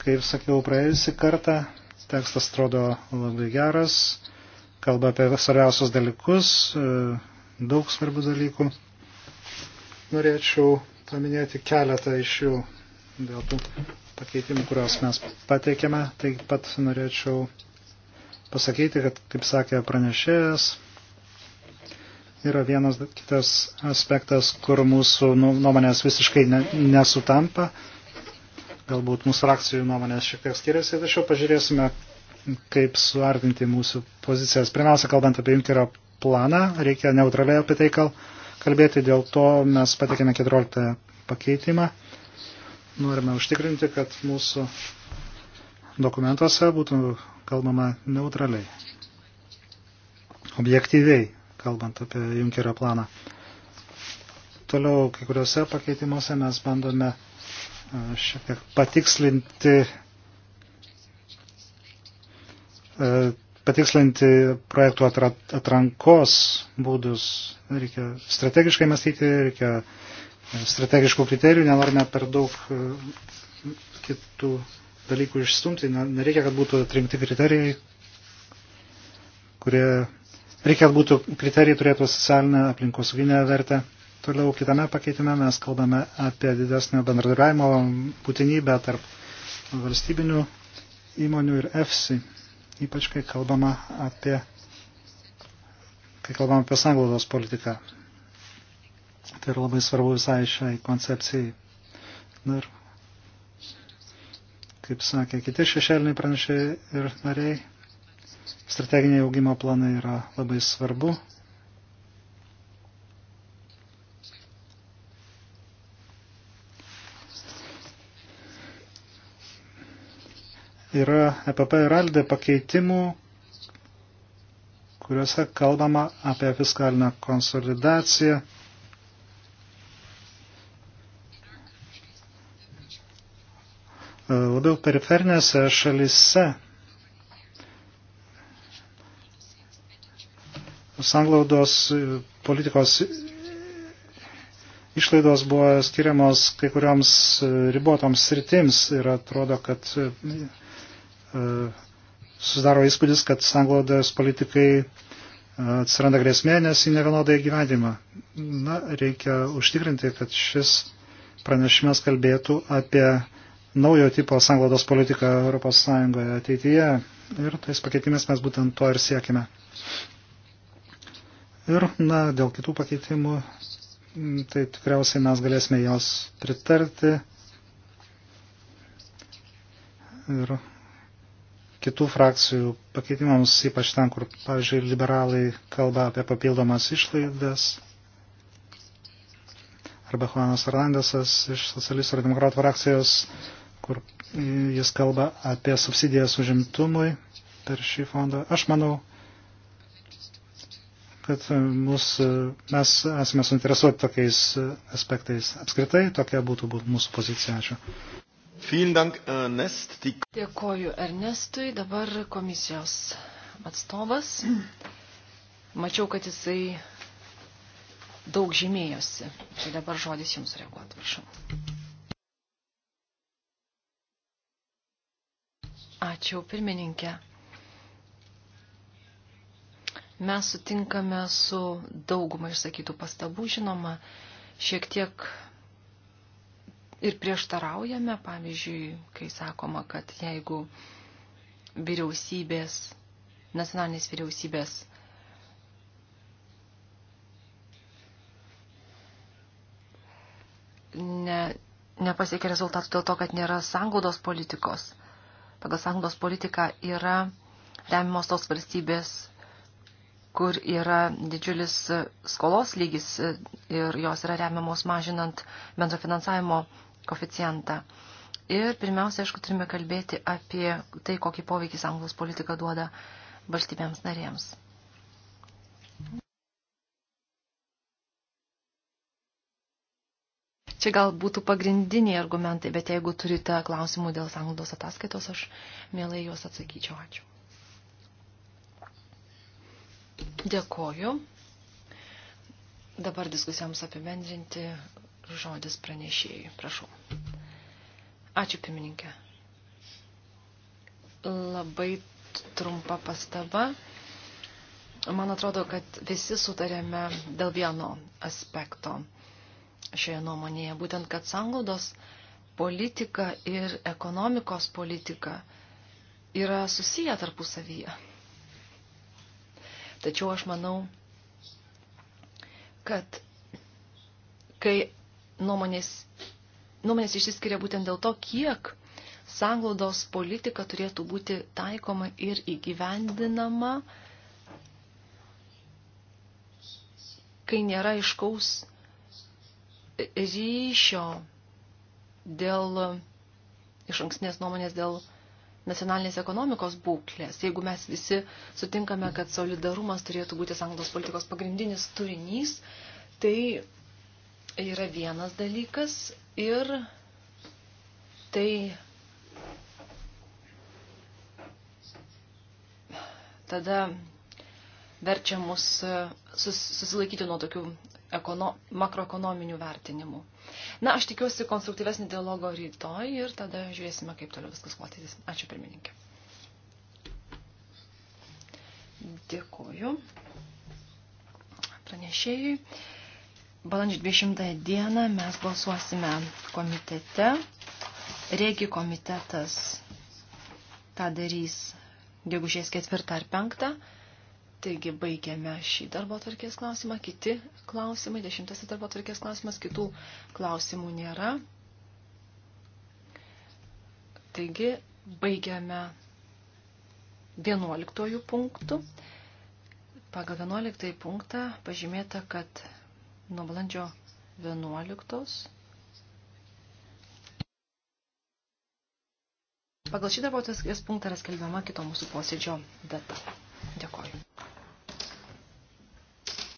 Kaip sakiau praėjusį kartą, tekstas atrodo labai geras, kalba apie svarbiausius dalykus, daug svarbių dalykų. Norėčiau paminėti keletą iš jų dėl tų pakeitimų, kuriuos mes pateikėme. Taip pat norėčiau pasakyti, kad, kaip sakė pranešėjas, yra vienas kitas aspektas, kur mūsų nu, nuomonės visiškai ne, nesutampa. Galbūt mūsų frakcijų nuomonės šiek tiek skiriasi, tačiau pažiūrėsime, kaip suartinti mūsų pozicijas. Pirmiausia, kalbant apie Junkerio planą, reikia neutraliai apie tai kalbėti, dėl to mes patikėme 14 pakeitimą. Norime užtikrinti, kad mūsų dokumentuose būtų kalbama neutraliai, objektyviai, kalbant apie Junkerio planą. Toliau kai kuriuose pakeitimuose mes bandome e, šiek tiek patikslinti e, patikslinti projektų atrankos būdus, reikia strategiškai mąstyti, reikia strategiškų kriterijų, nenorime per daug e, kitų dalykų išstumti, nereikia, kad būtų atrinkti kriterijai, kurie, reikia, kad būtų kriterijai turėtų socialinę aplinkosauginę vertę. Toliau kitame pakeitime mes kalbame apie didesnio bendradarbiavimo būtinybę tarp valstybinių įmonių ir EFSI ypač kai kalbama apie, kai kalbama apie sanglaudos politiką. Tai yra labai svarbu visai šiai koncepcijai. Ir, kaip sakė kiti šešėliniai pranešėjai ir nariai, strateginiai augimo planai yra labai svarbu yra EPP ir ALDE pakeitimų, kuriuose kalbama apie fiskalinę konsolidaciją. Labiau periferinėse šalise sanglaudos politikos išlaidos buvo skiriamos kai kurioms ribotoms sritims ir atrodo, kad E, susidaro įspūdis, kad sanglaudos politikai e, atsiranda grėsmė, nes į nevienodą įgyvendimą. Na, reikia užtikrinti, kad šis pranešimas kalbėtų apie naujo tipo sanglaudos politiką ES ateityje ir tais pakeitimais mes būtent to ir siekime. Ir, na, dėl kitų pakeitimų, tai tikriausiai mes galėsime jos pritarti. Ir kitų frakcijų pakeitimams, ypač ten, kur, pavyzdžiui, liberalai kalba apie papildomas išlaidas, arba Juanas Arlandesas iš socialistų ir demokratų frakcijos, kur jis kalba apie subsidijas užimtumui per šį fondą. Aš manau, kad mus, mes esame suinteresuoti tokiais aspektais. Apskritai tokia būtų mūsų pozicija. Ačiū. Dank, Ernest. Dėkoju Ernestui, dabar komisijos atstovas. Mačiau, kad jisai daug žymėjosi. Tai dabar žodis jums reaguoti, prašau. Ačiū, pirmininkė. Mes sutinkame su daugumą išsakytų pastabų, žinoma, šiek tiek ir prieštaraujame, pavyzdžiui, kai sakoma, kad jeigu vyriausybės, nacionalinės vyriausybės ne, nepasiekia rezultatų dėl to, kad nėra sanglaudos politikos. Pagal sanglaudos politiką yra remiamos tos valstybės, kur yra didžiulis skolos lygis ir jos yra remiamos mažinant bendrofinansavimo finansavimo koficijantą. Ir pirmiausia, aišku, turime kalbėti apie tai, kokį poveikį sanglos politika duoda valstybėms narėms. Čia gal būtų pagrindiniai argumentai, bet jeigu turite klausimų dėl sąnaudos ataskaitos, aš mielai juos atsakyčiau. Ačiū. Dėkoju. Dabar diskusijoms apibendrinti žodis pranešėjai. Prašau. Ačiū, pirmininkė. Labai trumpa pastaba. Man atrodo, kad visi sutarėme dėl vieno aspekto šioje nuomonėje, būtent kad sanglaudos politika ir ekonomikos politika yra susiję tarpusavyje. Tačiau aš manau, kad kai nuomonės, nuomonės išsiskiria būtent dėl to, kiek sanglaudos politika turėtų būti taikoma ir įgyvendinama, kai nėra iškaus ryšio dėl iš anksnės nuomonės dėl nacionalinės ekonomikos būklės. Jeigu mes visi sutinkame, kad solidarumas turėtų būti sanglos politikos pagrindinis turinys, tai yra vienas dalykas ir tai tada verčia mus susilaikyti nuo tokių ekono, makroekonominių vertinimų. Na, aš tikiuosi konstruktyvesnį dialogo rytoj ir tada žiūrėsime, kaip toliau viskas klostytis. Ačiū pirmininkė. Dėkuoju pranešėjui. Balandžio 20 dieną mes balsuosime komitete. Reiki komitetas tą darys gegužės 4 ar 5. Taigi baigėme šį darbo tvarkės klausimą. Kiti klausimai, dešimtasis darbo tvarkės klausimas, kitų klausimų nėra. Taigi baigėme 11 punktų. Pagal 11 punktą pažymėta, kad nuo balandžio 11. Pagal šį darbo punktą yra skelbiama kito mūsų posėdžio data. Dėkoju.